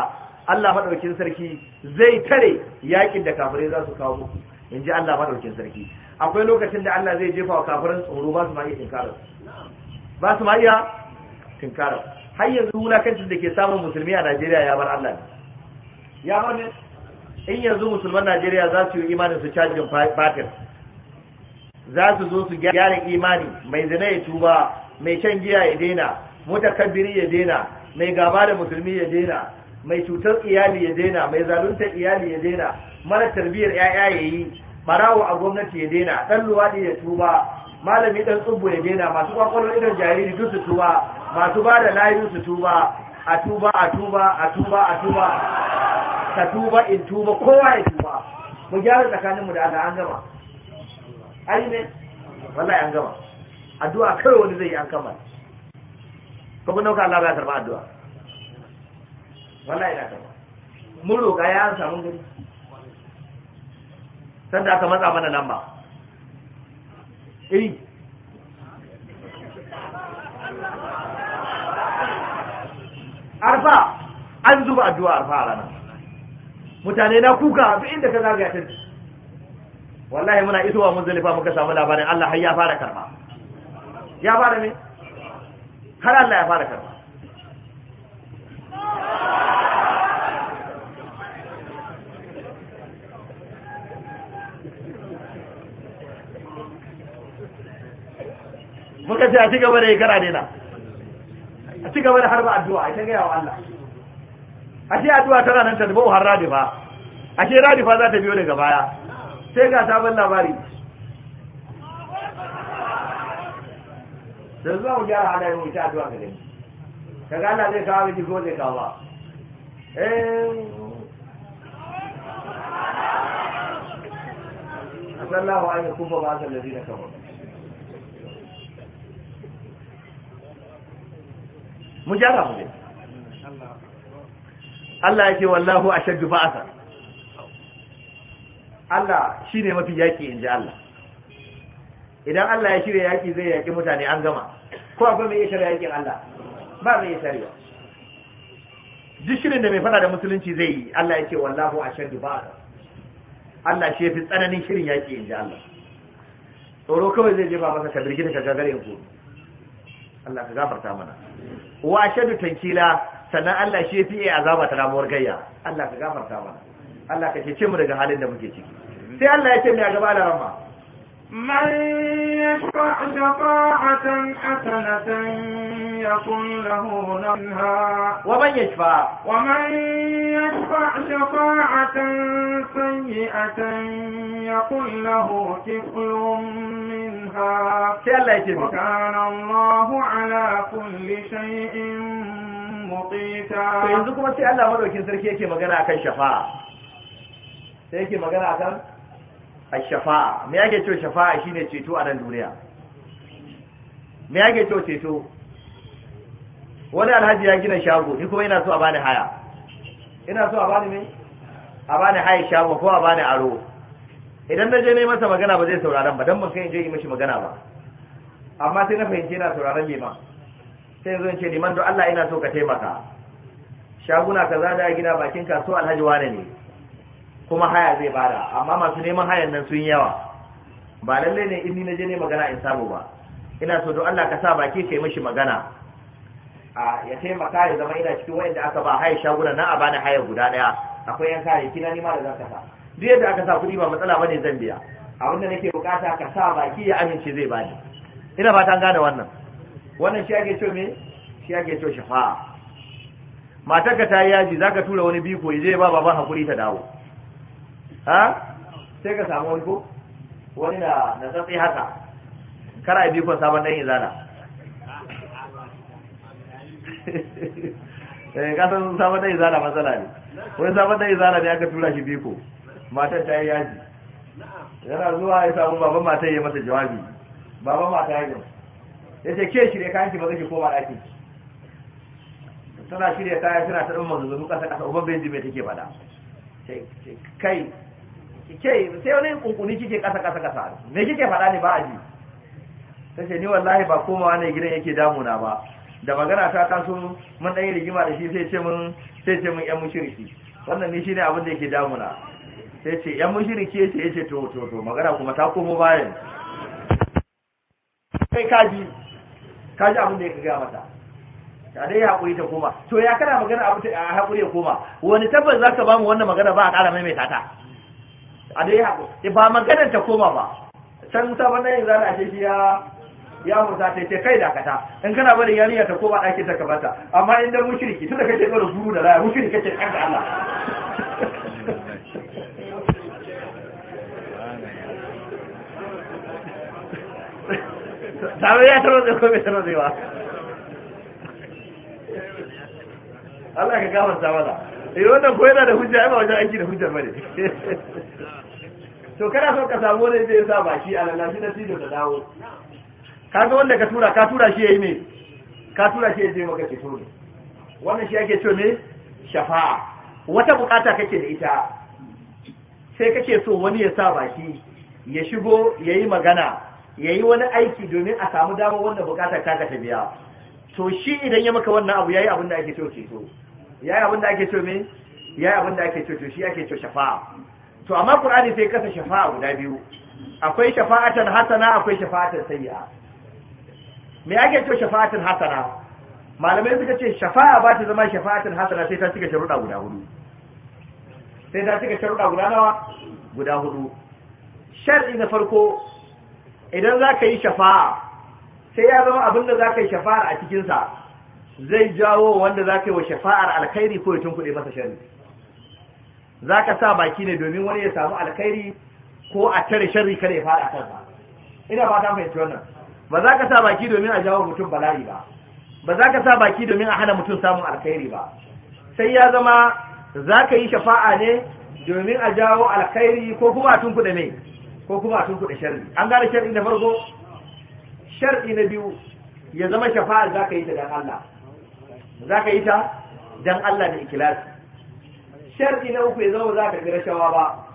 Allah madaukin sarki zai tare yakin da kafirai za su kawo muku in ji Allah madaukin sarki akwai lokacin da Allah zai jefa wa kafirin tsoro ba su ma iya tinkarar ba su ma iya tinkarar har yanzu wulakancin da ke samun musulmi a Najeriya ya bar Allah ya bar in yanzu musulman Najeriya za su yi imanin su cajin batir za su zo su gyara imani mai zina ya tuba mai shan giya ya daina kabiri ya daina mai gaba da musulmi ya daina mai cutar iyali ya daina mai zaluntar iyali ya daina mara tarbiyyar 'ya'ya ya yi barawo a gwamnati ya daina ɗan luwaɗi ya tuba malami dan tsubbo ya daina masu kwakwalwa idon jariri duk su tuba masu ba da layu su tuba a tuba a tuba a tuba a tuba ka tuba in tuba kowa ya tuba mu gyara tsakaninmu da Allah an gama ai ne wallahi an gama addu'a kai wani zai yi an kammala ko kun dauka Allah ya karba addu'a wallahi ya karba mun roƙa ya samu gari sanda aka matsa mana lamba eh arfa an zuba addu'a arfa a ranar mutane na kuka duk inda ka zagaya ta wallahi muna isowa muzdalifa muka samu labarin Allah har ya fara karba ya fara ne har Allah ya fara karba muka ce a ci gaba da yi gara daina a ci gaba da harba addu'a ita gaya wa Allah a ce addu'a tana nan ta dubu har radifa a ce fa za ta biyo daga baya sai ga sabon labari da zuwa mu gyara halayen mu ta addu'a gare ka ga Allah zai kawo miki ko zai kawo ba eh sallahu alaihi wa sallam ba sa ladina kafaru mu gyara mu ne Allah yake wallahu ashaddu ba'asa Allah shine mafi yaki ji Allah idan Allah ya shirya yaki zai yaki mutane an gama ko akwai mai shirya yakin Allah ba mai shirya duk shirin da mai fada da musulunci zai yi Allah yake wallahu ashaddu ba'asa Allah shi yafi tsananin shirin yaki ji Allah tsoro kawai zai je ba masa ka birgita ka gagare ku Allah ka gafarta mana wa shadu tankila sannan Allah shi fi a azaba ta ramuwar gayya Allah ka gafarta mana Allah ka cece mu daga halin da muke ciki sai Allah ya ce mai gaba da rama man yashfa shafa'atan hasanatan yakun lahu nanha wa man yashfa wa man yashfa shafa'atan sayyi'atan yakun lahu kiflun minha sai Allah ya ce mai wa kana Allah shay'in muqita to yanzu kuma sai Allah madaukin sarki yake magana akan shafa'a sai yake magana akan ash-shafa'a me yake cewa shafa'a shine ceto a nan duniya me yake cewa ceto wani alhaji ya gina shago ni kuma ina so a bani haya ina so a bani me a bani haya shago ko a bani aro idan na je ne masa magana ba zai sauraron ba dan ban kai je yi mishi magana ba amma sai na fahimci yana sauraron me ma sai zan ce liman don Allah ina so ka taimaka shaguna kaza da gida bakin kasuwa alhaji wane ne kuma haya zai bada amma masu neman hayan nan sun yawa ba lalle ne in ni na je ne magana in samu ba ina so don Allah ka sa baki kai mishi magana a ya taimaka ya zama ina cikin wayanda aka ba haya shaguna na a bani haya guda daya akwai yan kare kina ni ma da zaka sa duk yadda aka sa kuɗi ba matsala bane zan biya abinda nake bukata ka sa baki ya amince zai bani ina fatan gane wannan wannan shi ake ce me shi ake cewa shafa'a matarka ta yi yaji zaka tura wani biko ya je ba baban hakuri ta dawo ha sai ka samu wani ko wani na na tsatsi haka kara a biko sabon dan izana eh ka san sabon dan izana matsala ne wani sabon dan izana ne aka tura shi biko matar ta yi yaji yana zuwa ya samu baban matar ya masa jawabi baban matar ya ya ce ke shirya kayan ki ba zai ki koma ɗaki tana shirya kayan tana ta ɗan manzanzu ƙasa ƙasa uban benji mai take faɗa kai ke sai wani kunkuni kike ƙasa ƙasa kasa me kike faɗa ne ba a ji Sai ce ni wallahi ba komawa ne gidan yake damuna ba da magana ta taso mun ɗan yi rigima da shi sai ce mun sai ce mun 'yan mushiriki wannan ni shine abin da yake damuna sai ce yan mushiriki yace ce to to to magana kuma ta komo bayan kai kaji ka ji abin da ya gaya mata ta dai haƙuri ta koma to ya kana magana abu a haƙuri ya koma wani tabbas za ka ba mu wannan magana ba a ƙara maimaita ta a dai haƙuri eh, ba maganar ta koma ba can sabon nan yanzu ana ce shi ya ya musa ta ce kai dakata in kana bari yariya ta koma ɗakin ta ka bata amma in dan mushriki tunda kake da guru da raya mushriki kake kanka Allah taro ya taro zai ko bai taro zai ba Allah ka gafarta mana eh wannan ko yana da hujja ai ba wajen aiki da hujjar bane to kana so ka samu wani zai sa ba shi a lalaci na tijo da dawo ka ga wanda ka tura ka tura shi yayi ne ka tura shi yayi maka ce to wannan shi ake ce ne shafa'a wata bukata kake da ita sai kake so wani ya sa ba shi, ya shigo ya yi magana ya yi wani aiki domin a samu damar wanda bukatar taka ta biya to shi idan ya maka wannan abu yayi abin da ake cewa ceto yayi abin da ake cewa me yayi abin da ake cewa to shi ake cewa shafa'a to amma qur'ani sai kasa shafa'a guda biyu akwai shafa'atan hasana akwai shafa'atan sayyi'a me ake cewa shafa'atan hasana malamai suka ce shafa'a ba ta zama shafa'atan hasana sai ta cika sharuɗa guda hudu sai ta cika sharuɗa guda nawa guda hudu shar'i na farko idan za ka yi shafa'a sai ya zama abin da za ka yi shafa'ar a cikinsa zai jawo wanda za ka yi wa shafa'ar alkhairi ko ya tunkuɗe masa shari za ka sa baki ne domin wani ya samu alkhairi ko a tare shari kada ya a kansa ina ba ta fahimci wannan ba za ka sa baki domin a jawo mutum bala'i ba ba za ka sa baki domin a hana mutum samun alkhairi ba sai ya zama za ka yi shafa'a ne domin a jawo alkhairi ko kuma a tunkuɗe mai ko kuma a tuntuɗe shari'i an gane shari'i na farko shari'i na biyu ya zama shafa'a za ka yi ta dan Allah za ka yi ta dan Allah da ikilas shari'i na uku ya zama za ka rashawa ba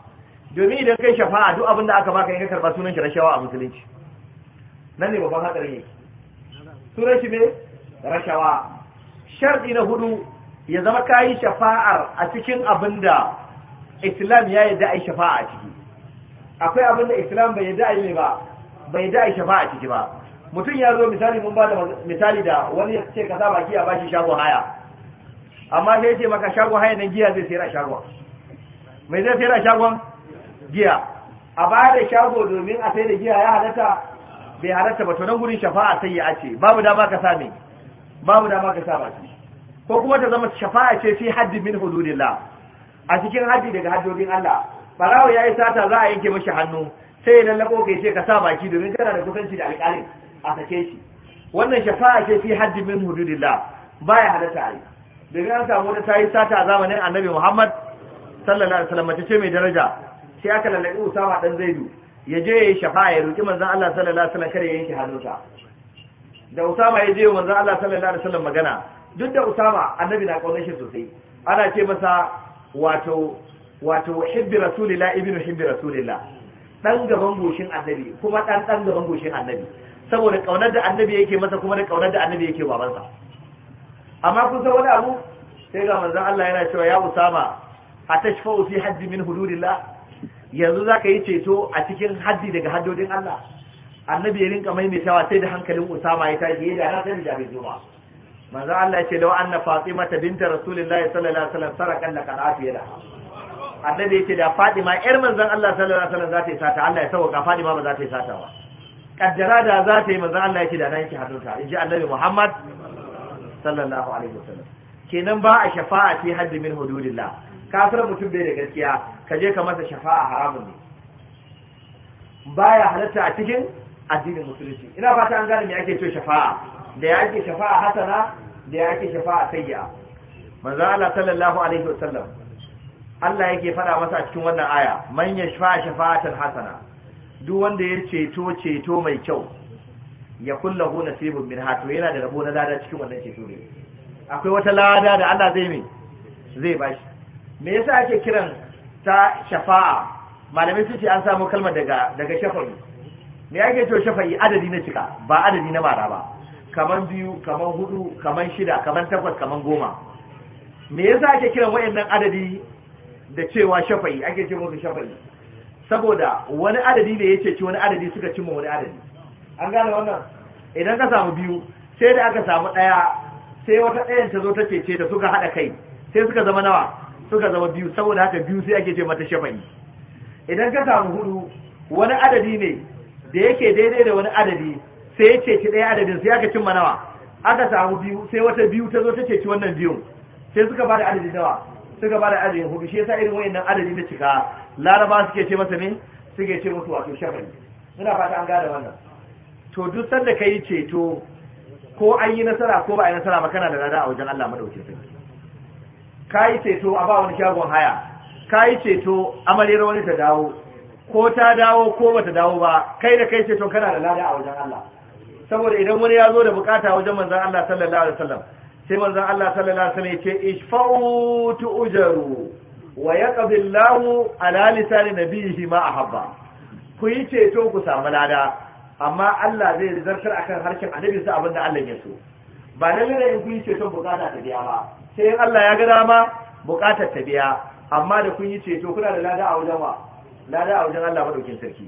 domin idan kai shafa'a duk abin da aka baka in ka karba sunan shi rashawa a musulunci nan ne babban hatsari ne sunan shi ne rashawa sharɗi na hudu ya zama ka yi shafa'ar a cikin abin da islam ya yarda yi shafa'a a ciki akwai abin da islam bai yadda yi ba bai da yi a ciki ba mutum ya zo misali mun ba da misali da wani ya ce ka sa baki a bashi shago haya amma sai ce maka shago haya nan giya zai sayar a shagon mai zai sayar a shagon giya a ba da shago domin a sai da giya ya halatta bai halatta ba to nan gurin shafa'a sai ya ace babu dama ka sa babu dama ka sa baki ko kuma ta zama shafa'a ce fi haddi min hududillah a cikin haddi daga haddodin Allah barawo ya yi sata za a yanke mashi hannu sai ya lallako kai sai ka sa baki domin kana da kusanci da alƙalin a sake shi wannan shafa'a ce fi haddi min hududillah baya halatta ai daga an samu wata tayi sata a zamanin annabi Muhammad sallallahu alaihi wasallam mace ce mai daraja sai aka lallaki Usama dan Zaidu ya je ya yi shafa'a ya roki manzon Allah sallallahu alaihi wasallam kare yanke hannunsa da Usama ya je manzon Allah sallallahu alaihi wasallam magana duk da Usama annabi na kaunar shi sosai ana ce masa wato wato hibbi rasulillah ibnu hibbi rasulillah dan gaban goshin annabi kuma dan dan gaban goshin annabi saboda kaunar da annabi yake masa kuma da kaunar da annabi yake babansa amma kun san wani abu sai ga manzon Allah yana cewa ya usama atashfa'u fi haddi min hududillah yanzu zaka yi ceto a cikin haddi daga haddodin Allah annabi ya rinka maimaitawa sai da hankalin usama ya tashi ya da hankali da bai ba manzon Allah ya ce law anna fatimata binta rasulillahi sallallahu alaihi wasallam sarakan laqad afiyala annabi yace da Fatima yar manzon Allah sallallahu alaihi wasallam za ta yi sata Allah ya sauka Fatima ba za ta yi sata ba kaddara da za ta yi manzon Allah yace da nan yake hadunta inji annabi Muhammad sallallahu alaihi wasallam kenan ba a shafa'a fi haddi min hududillah kafir mutum bai da gaskiya ka je ka masa shafa'a haramun ne baya halatta a cikin addinin musulunci ina fata an gane me ake cewa shafa'a da ya ake shafa'a hasana da ya ake shafa'a sayya manzo Allah sallallahu alaihi wasallam Allah yake faɗa masa a cikin wannan aya man yashfa shafatan hasana duk wanda ya ceto ceto mai kyau ya kullahu nasibun min hatu yana da rabo na lada cikin wannan ceto ne akwai wata lada da Allah zai mai zai bashi me yasa ake kiran ta shafa'a malamai sun ce an samu kalmar daga daga shafa'i me yake to shafa'i adadi na cika ba adadi na mara ba Kamar biyu kamar hudu kamar shida kamar takwas kamar goma me yasa ake kiran wayannan adadi da cewa shafa'i ake ce musu shafa'i saboda wani adadi da ya ceci wani adadi suka cimma wani adadi an gane wannan idan ka samu biyu sai da aka samu ɗaya sai wata ɗayan ta zo ta ce da suka haɗa kai sai suka zama nawa suka zama biyu saboda haka biyu sai ake ce mata shafa'i idan ka samu hudu wani adadi ne da yake daidai da wani adadi sai ya ceci ɗaya adadin sai aka cimma nawa aka samu biyu sai wata biyu ta zo ta ceci wannan biyun sai suka ba da adadi nawa suka da adadin hudu shi yasa irin wayannan adadi da cika laraba suke ce masa ne suke ce musu wato shafari muna fata an gada wannan to duk sanda kai ceto ko an yi nasara ko ba a yi nasara ba kana da lada a wajen Allah madaukakin sarki kai ceto a ba wani shagon haya kai ceto amaryar wani ta dawo ko ta dawo ko ba ta dawo ba kai da kai ceto kana da lada a wajen Allah saboda idan wani ya zo da bukata wajen manzon Allah sallallahu alaihi wasallam sai manzan Allah sallallahu alaihi wasallam yace ishfa'u ujaru wa yaqdi Allahu ala lisani nabihi ma ahabba ku yi ceto ku samu lada amma Allah zai zartar akan harkin annabi sa abinda Allah ya so ba lalle ne ku yi ceton bukata ta biya ba sai in Allah ya ga dama bukata ta biya amma da kun yi ceto kuna da lada a wajen wa lada a wajen Allah madaukin sarki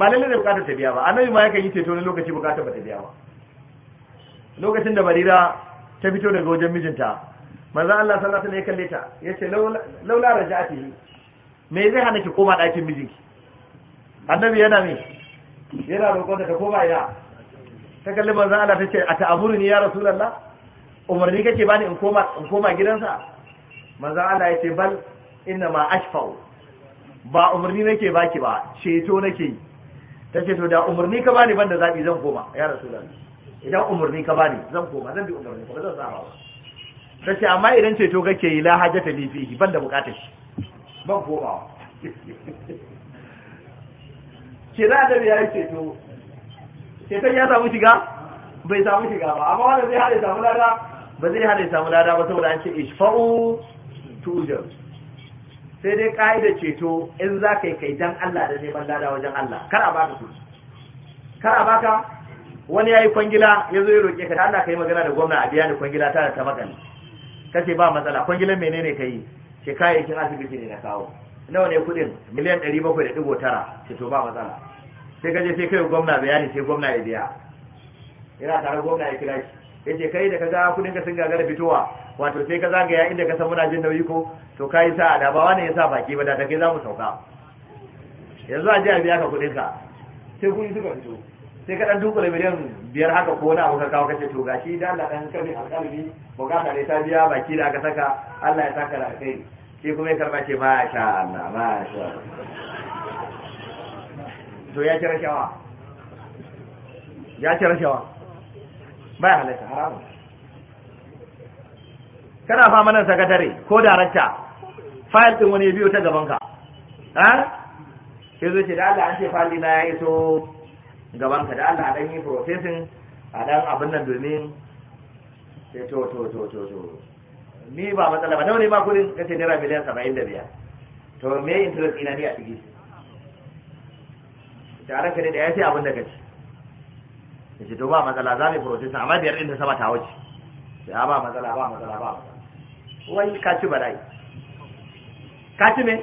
ba lalle da bukata ta biya ba annabi ma yakan yi ceto ne lokaci bukata ba ta biya ba lokacin da barira ta fito daga wajen mijinta manzo Allah sallallahu alaihi wasallam ya kalle ta yace laula raja'ati me zai hana ki koma ɗakin mijinki annabi yana me yana roƙon da ta koma ya ta kalle manzo Allah ta ce a ta'amuruni ya rasulullah umarni kake bani in koma in koma gidansa manzo Allah ya ce bal inna ma ashfa'u ba umarni nake baki ba ceto nake yi ta ce to da umarni ka bani banda zabi zan koma ya rasulullah idan umarni ka bani zan koma zan bi umarni ba zan saba ba ta ce amma idan ceto kake yi la hajjata li fihi ban da bukatar shi ban komawa kira da ya yi ceto ceton ya samu shiga bai samu shiga ba amma wanda zai hada samu lada ba zai hada samu lada ba saboda an ce ishfa'u tujar sai dai ka'ida ceto in za ka yi kai dan Allah da zai ban lada wajen Allah kar a baka kudi kar a baka wani ya yi kwangila ya zo ya roƙe ka Allah ka yi magana da gwamna a biya ni kwangila ta da ta makan ka ce ba matsala kwangilan menene ka yi Ke kayayyakin asibiti ne na kawo nawa ne kuɗin miliyan ɗari bakwai da tara ce to ba matsala sai ka je sai kai gwamna bayani sai gwamna ya biya Ina tare gwamna ya kira shi ya ce kai da ka ga kudin ka sun gagara fitowa wato sai ka zagaya inda ka san muna jin nauyi ko to ka yi sa da ba wani ya sa baki ba da ta kai za mu sauka yanzu a je a biya ka kudin ka sai yi suka fito sai ka dan wani miliyan biyar haka ko na ka kawo kace to gashi da Allah dan kabi alƙalbi bukata ne ta biya baki da aka saka Allah ya saka da kai shi kuma ya karba ce masha Allah masha to ya ci rashawa ya ci rashawa baya halatta haramun kana fama nan sakatare ko darakta fayil din wani biyo ta gaban ka eh sai zai ce da Allah an ce fali na ya iso gaban ka da Allah a dan yi processing a dan abin nan domin sai to to to to to ni ba matsala ba nawa ne ba kudin kace naira miliyan 75 to me interest ina ne a ciki tare ka da ya ce abin da kace yace to ba matsala za mu processing amma biyar din da sama ta wuce sai ba matsala ba matsala ba wai ka ci bala'i ka ci me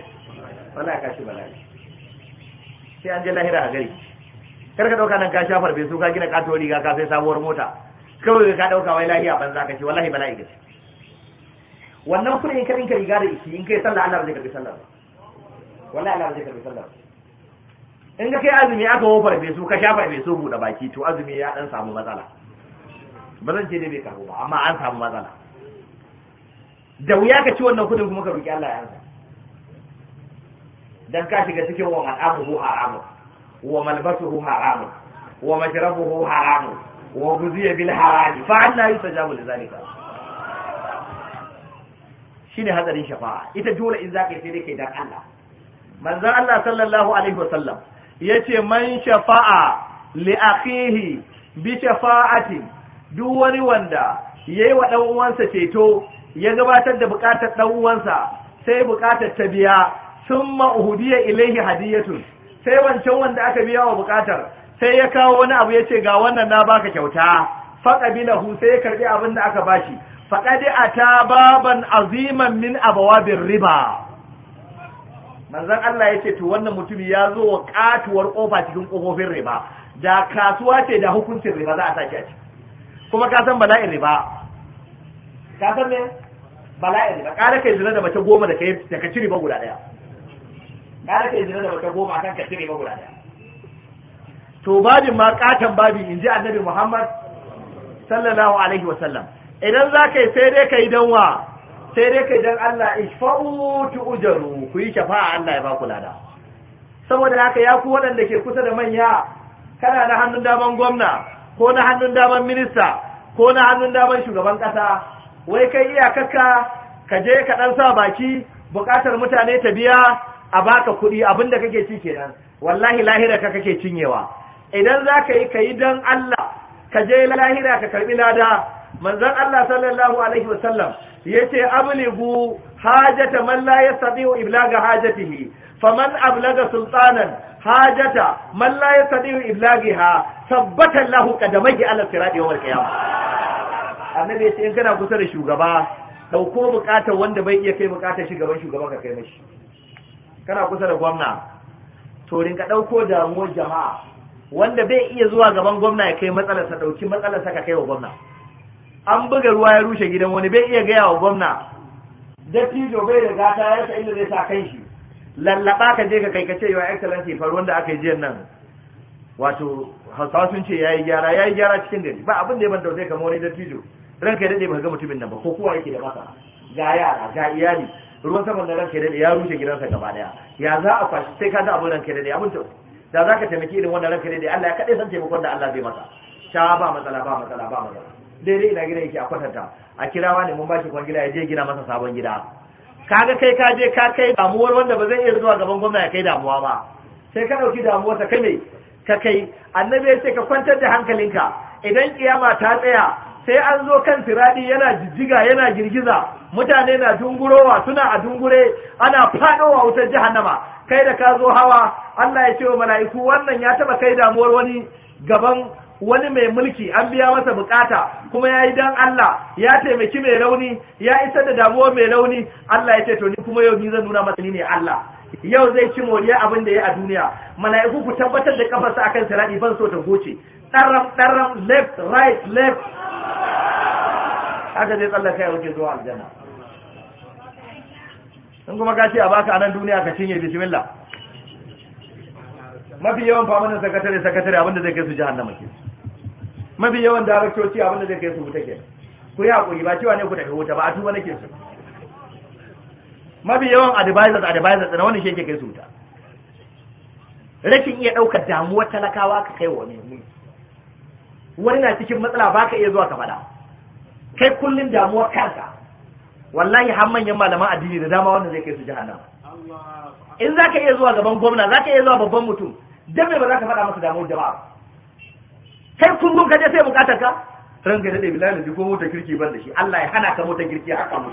Wala ka ci bala'i sai an je lahira a gari kar ka dauka nan ka shafar bai su ka gina kato riga ka sai sabuwar mota kawai ka dauka wai lahiya banza ka ce wallahi bala'i ka wannan kuma in ka rinka riga da ishi in kai sallah Allah zai karbi sallah ba wallahi Allah zai karbi sallah ba in ka kai azumi aka wofar bai su ka shafar bai su bude baki to azumi ya dan samu matsala ba zan ce dai bai karbu ba amma an samu matsala da wuya ka ci wannan kudin kuma ka roki Allah ya ansa dan ka shiga cikin wannan al'amu ko wa malbasuhu haram wa mashrabuhu haram wa guziya bil haram fa Allah yusajabu li zalika shine hadarin shafa'a ita dole in zaka yi sai dai kai dan Allah manzo Allah sallallahu alaihi wa sallam yace man shafa'a li akhihi bi shafa'ati duk wani wanda yayi wa dan uwansa ceto ya gabatar da bukatar dan uwansa sai bukatar ta biya summa uhudiya ilaihi hadiyatun sai wancan wanda aka biya wa bukatar sai ya kawo wani abu ya ce ga wannan na baka kyauta faqabilahu sai ya karbi abin da aka bashi a ta baban aziman min bin riba manzan Allah ya ce to wannan mutum ya zo wa katuwar ƙofa cikin ƙofofin riba da kasuwa ce da hukuncin riba za a sake a kuma ka san bala'in riba ka san ne? bala'in riba ƙara kai zina da mace goma da ka ci riba guda ɗaya. ka rike zina da wata goma kan ka cire to babin ma katan babi in ji annabi muhammad sallallahu alaihi wa sallam idan za ka yi sai dai ka yi sai dai ka yi dan allah ishfa'u tu ujaru ku yi shafa'a allah ya ba ku lada saboda haka ya ku waɗanda ke kusa da manya kana na hannun daman gwamna ko na hannun daman minista ko na hannun daman shugaban ƙasa wai kai iyakarka ka je ka ɗan sa baki buƙatar mutane ta biya a baka kuɗi abin da kake ci kenan wallahi lahira ka kake cinyewa idan za ka yi ka yi don Allah ka je lahira ka karɓi lada manzon Allah sallallahu alaihi wasallam yace abligu hajata man la yastati'u iblaga hajatihi faman ablaga sultanan hajata man la yastati'u iblagiha tabbata lahu qadamaki ala sirati yawmal qiyamah annabi ce in kana kusa da shugaba dauko bukatar wanda bai iya kai bukatar shugaban shugaban ka kai mashi kana kusa da gwamna to rinka ɗauko damuwar jama'a wanda bai iya zuwa gaban gwamna ya kai matsalarsa ɗauki matsalarsa ka kai wa gwamna an buga ruwa ya rushe gidan wani bai iya gaya wa gwamna dattijo bai da gata ya sa inda zai sa kai shi lallaba ka je ka kai ka ce yawa excellency faru wanda aka yi jiyan nan wato hausawa sun ce yayi gyara yayi gyara cikin gari ba abin da ya banta sai kama wani dattijo ranka ya dade ba ga mutumin nan ba ko kowa yake da masa ga yara ga iyali ruwan saman na ranka daidai ya rushe gidansa gaba daya ya za a kwashi sai ka da abin ranka daidai. abin to da za ka taimaki irin wannan ranka daidai? Allah ya kaɗai san taimakon da Allah zai masa ta ba matsala ba matsala ba matsala daidai ina gida yake a kwatanta a kirawa ne mun ba shi gida ya je gina masa sabon gida kaga kai ka je ka kai damuwar wanda ba zai iya zuwa gaban gwamna ya kai damuwa ba sai ka ɗauki damuwarsa kai ne ka kai annabi ya ce ka kwantar da hankalinka idan kiyama ta tsaya sai an zo kan siradi yana jijjiga yana girgiza mutane na dungurowa suna a dungure ana fadowa wutar jahannama kai da ka zo hawa Allah ya ce wa mala'iku wannan ya taba kai damuwar wani gaban wani mai mulki an biya masa bukata kuma ya yi dan Allah ya taimaki mai rauni ya isar da damuwar mai rauni Allah ya ce to ni kuma yau ni zan nuna masa ne Allah yau zai ci moriya abin da ya a duniya mala'iku ku tabbatar da kafarsa akan siradi ban so ta goce ɗarram ɗarram left right left haka zai tsallaka ya wuce zuwa aljanna in kuma ka ce a baka anan duniya ka cinye bismillah mafi yawan famanin sakatare sakatare abinda zai kai su jahannama ke mafi yawan daraktoci abinda zai kai su wuta ke ku yi hakuri ba cewa ne ku tafi wuta ba a tuba nake su mafi yawan advisors advisors na wani shi yake kai su wuta rashin iya ɗaukar damuwar talakawa ka kai wa ne wani na cikin matsala ba ka iya zuwa ka faɗa kai kullum damuwar kanka wallahi har manyan malaman addini da dama wannan zai kai su jahannama in za ka iya zuwa gaban gwamna za ka iya zuwa babban mutum dan ba za ka faɗa masa damuwar jama'a kai kullum ka je sai bukatar ka ranka daɗe bilal da ko mota kirki ban da shi Allah ya hana ka mota kirki a kan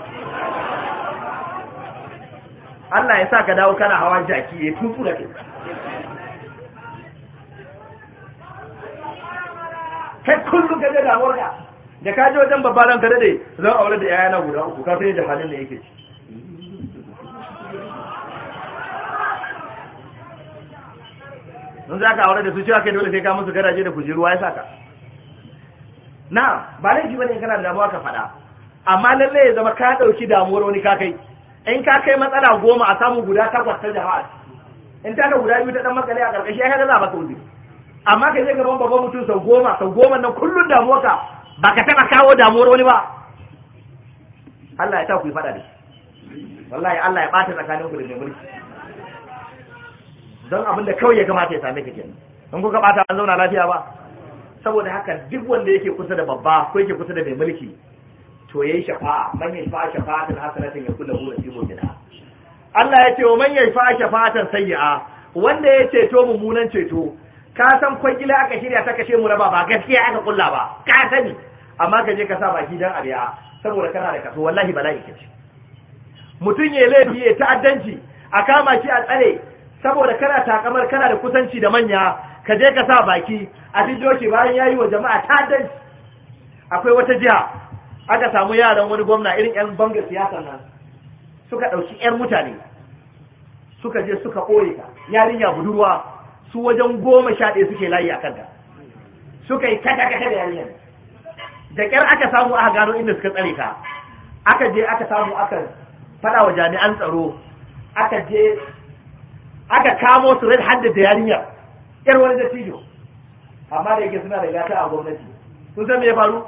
Allah ya sa ka dawo kana hawa jaki ya tutu da kai kai kullum ka je damuwar ka da ka je wajen babba ran ka dai zan aure da yayana guda uku ka sai da halin da yake ci don za ka aure da su cewa kai dole sai ka musu garaje da kujeruwa ya saka na ba laifi bane kana da damuwa ka faɗa amma lalle ya zama ka ɗauki damuwar wani ka kai in ka kai matsala goma a samu guda takwas ta jama'a in ta ga guda biyu ta ɗan makale a ƙarƙashi ya kaga za a maka uzuri amma ka je gaban babban mutum sau goma sau goma nan kullum damuwarka ba ka taɓa kawo damuwar wani ba Allah ya sa ku yi faɗa da shi wallahi Allah ya ɓata tsakanin ku da mai mulki don abin da kawai ya kamata ya same ka kenan in kuka ɓata an zauna lafiya ba saboda haka duk wanda yake kusa da babba ko yake kusa da mai mulki to yayi shafa'a man yashfa shafa'atan hasanatan yakul lahu nasibun minha Allah ya ce wa man yashfa shafa'atan sayyi'a wanda ya ceto mummunan ceto ka san kwangila aka shirya ta kashe mu raba ba gaskiya aka kulla ba ka sani amma ka je ka sa baki dan abiya saboda kana da kaso wallahi bala'i kace mutum ya laifi ya ta'addanci a kama shi a tsare saboda kana takamar kana da kusanci da manya ka je ka sa baki a shi bayan yayi wa jama'a ta'addanci akwai wata jiha aka samu yaran wani gwamna irin yan banga siyasa nan suka ɗauki 'yan mutane suka je suka ɓoye ta yarinya budurwa su wajen goma sha ɗaya suke layi a kanta suka yi kata kata da yarinyar da ƙyar aka samu aka gano inda suka tsare ta aka je aka samu aka faɗa wa jami'an tsaro aka je aka kamo su rai handed da yarinyar ƴar wani dattijo amma da yake suna da gata a gwamnati sun san me ya faru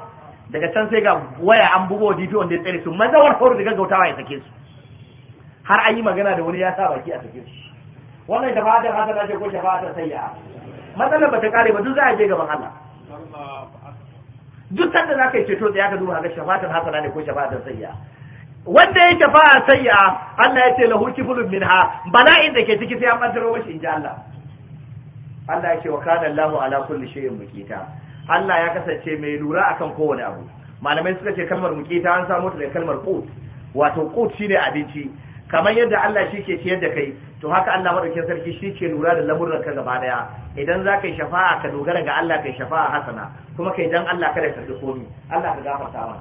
daga can sai ga waya an bugo wa DPO wanda ya tsare su mazawar faru da gaggautawa ya sake su har an yi magana da wani ya sa baki a sake su wannan shafa'atar hasana ce ko shafa'atar sayya matsalar ba ta kare ba duk za a je gaban Allah duk sanda za ka yi ceto tsaya ka duba ga shafa'atar hasana ne ko shafa'atar sayya wanda ya shafa'a sayya Allah ya ce lahu kifulun minha bala'in da ke ciki sai an mantaro in ji Allah Allah ya ce wa kana Allahu ala kulli shay'in muqita Allah ya kasance mai lura akan kowane abu malamai suka ce kalmar muqita an samu ta da kalmar qut wato qut shine abinci kamar yadda Allah shi ke ciyar da kai to haka Allah madaukakin sarki shi ke lura da lamuran ka gaba daya idan za ka yi shafa'a ka dogara ga Allah kai shafa'a hasana kuma kai dan Allah kada ka komi Allah ka gafarta ma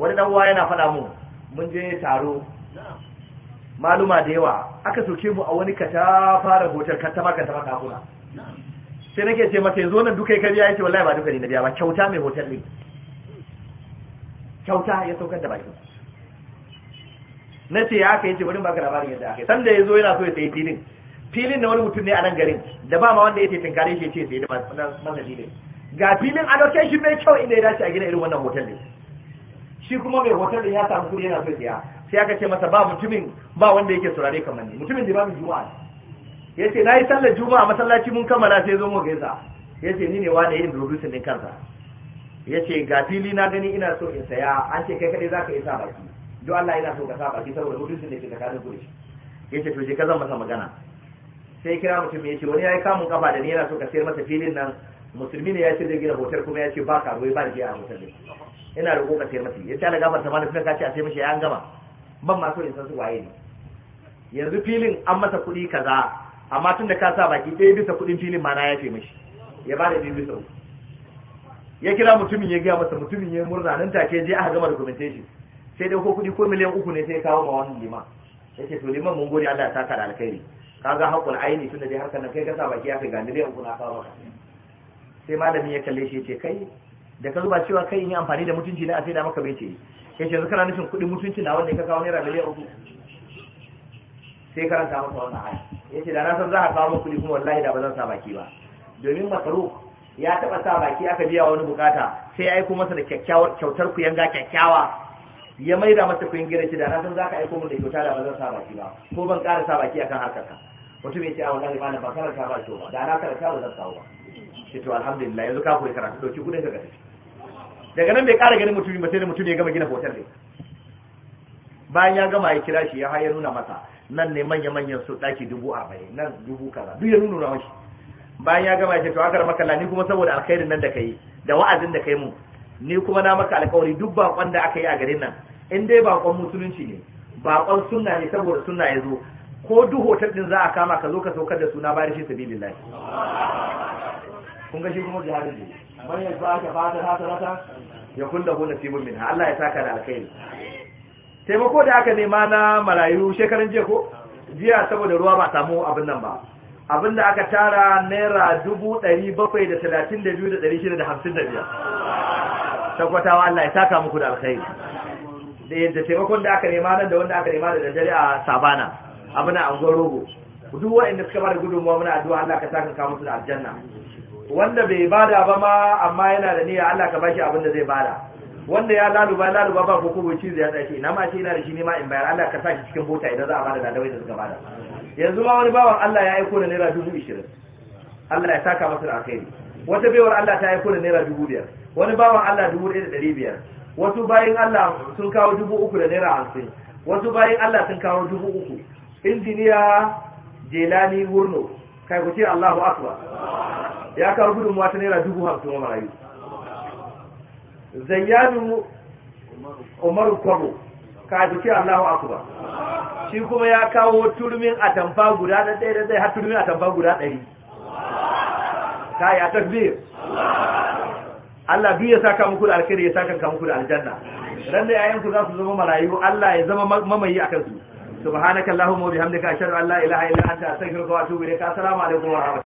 wani dan uwa yana faɗa mu mun je taro maluma da yawa aka soke mu a wani kata fara hotar ta katama kuma sai nake ce masa yanzu wannan kai ya yace wallahi ba duka ne na biya ba kyauta mai hotel ne kyauta ya saukar da baki na ce kai ce bari baka labarin yadda aka san da zo yana so ya sayi filin filin na wani mutum ne a nan garin da ba ma wanda yake tinkare shi ce sai da masa ne ga filin a dauke shi mai kyau inda ya dace a gina irin wannan hotel ne shi kuma mai hotel din ya samu kudi yana so ya sai aka ce masa ba mutumin ba wanda yake saurare kamar ni mutumin da ba mu juma'a Ya ce na yi sallar juma'a masallaci mun kammala sai zo mu gaisa ce ni ne wani yin producing din kansa Ya ce ga fili na gani ina so in saya an ce kai kadai zaka isa baki don Allah yana so ka saba baki saboda mutuncin da ke tsakanin ku da shi yace to je ka zan masa magana sai kira mutum yace wani yayi kamun kafa da ni yana so ka sayar masa filin nan musulmi ne ya ce zai gina hotel kuma ya ce ba ka ruwai ba da a hotel din ina roƙo ka sayar masa yace Allah gafarta mana sai ka ce a sai mishi ya an gama ban ma so in san su waye ne yanzu filin an masa kuɗi kaza amma tun da ka sa baki ɗaya bisa kuɗin filin ma na ya ce mishi ya ba da biyu bisa uku ya kira mutumin ya gaya masa mutumin ya murna nan take je aka gama documentation sai dai ko kudi ko miliyan uku ne sai ya kawo ma wannan liman yace to liman mun gode Allah ya saka da alkhairi kaga haƙul aini tunda dai harkar nan kai ka sa baki ya kai ga miliyan uku na kawo maka sai malamin ya kalle shi yace kai da ka zuba cewa kai in yi amfani da mutunci na a sai da maka bai ce yace yanzu kana nufin kudin mutunci na wanda ka kawo naira miliyan uku sai karanta masa wannan aya yace da na san za a kawo kudi kuma wallahi da ba zan sa baki ba domin makaru ya taɓa sa baki aka biya wani bukata sai ya aiko masa da kyakkyawar kyautar ku yanga kyakkyawa ya mata kuyin gida shi da na san zaka aiko mun da kyauta da ba zan sa baki ba ko ban ƙara sa baki akan haka ka mutum ya ce a wallahi malam ba ta ba to ba da na ta ba zan kawo ba ce to alhamdulillah yanzu ka koyi karatu dauki kudin ka ga daga nan bai ƙara ganin mutum ba sai da mutum ya gama gina hotel din bayan ya gama ya kira shi ya haye nuna masa nan ne manya-manyan su daki dubu arba'in nan dubu kaza duk ya nuna mashi bayan ya gama ya ce to aka maka ni kuma saboda alkhairin nan da kai da wa'azin da kai mu ni kuma na maka alkawari duk bakon da aka yi a garin nan in dai bakon musulunci ne bakon sunna ne saboda sunna ya zo ko duk hotel din za a kama ka zo ka saukar da suna bayan shi sabilillahi kun ga shi kuma harin ne man yanzu aka fata hata rata ya kulla hu nasibun min Allah ya saka da alkhairi taimako da aka nema na marayu shekaran jiya ko jiya saboda ruwa ba samu abin nan ba abin da aka tara naira dubu ɗari bakwai da talatin da biyu da ɗari shida da hamsin da biyar tabbatawa Allah ya saka muku da alkhairi da yadda taimakon da aka nema nan da wanda aka nema da daddare a sabana abu na angon rogo duk waɗanda suka bada gudunmuwa muna addu'a Allah ka saka ka musu da aljanna wanda bai bada ba ma amma yana da niyya Allah ka bashi abin da zai bada wanda ya ba lalu ba ko kuma ci zai tsaye na ma ce yana da shi ne ma in bayar Allah ka saki cikin bota idan za a bada da da suka bada yanzu ma wani bawan Allah ya aiko da naira dubu ishirin Allah ya saka masa da alkhairi wata baiwar Allah ta aiko da naira dubu biyar wani bawan Allah dubu ɗaya da ɗari biyar wasu bayan Allah sun kawo dubu uku da naira hamsin wasu bayan Allah sun kawo dubu uku injiniya jelani wurno kai ku ce Allahu akbar ya kawo gudunmuwa ta naira dubu hamsin wa marayu zayyanu umaru Kwabo kai ku ce Allahu akbar shi kuma ya kawo turmin atamfa guda da ɗaya da zai har turmin atamfa guda ɗari kai a takbir Allah duk ya saka muku da alkhairi ya saka muku da aljanna ran da ku za su zama marayu Allah ya zama mamayi a kansu subhanakallahumma wa bihamdika ashhadu an la ilaha illa anta astaghfiruka wa atubu ilaik assalamu alaikum wa rahmatullahi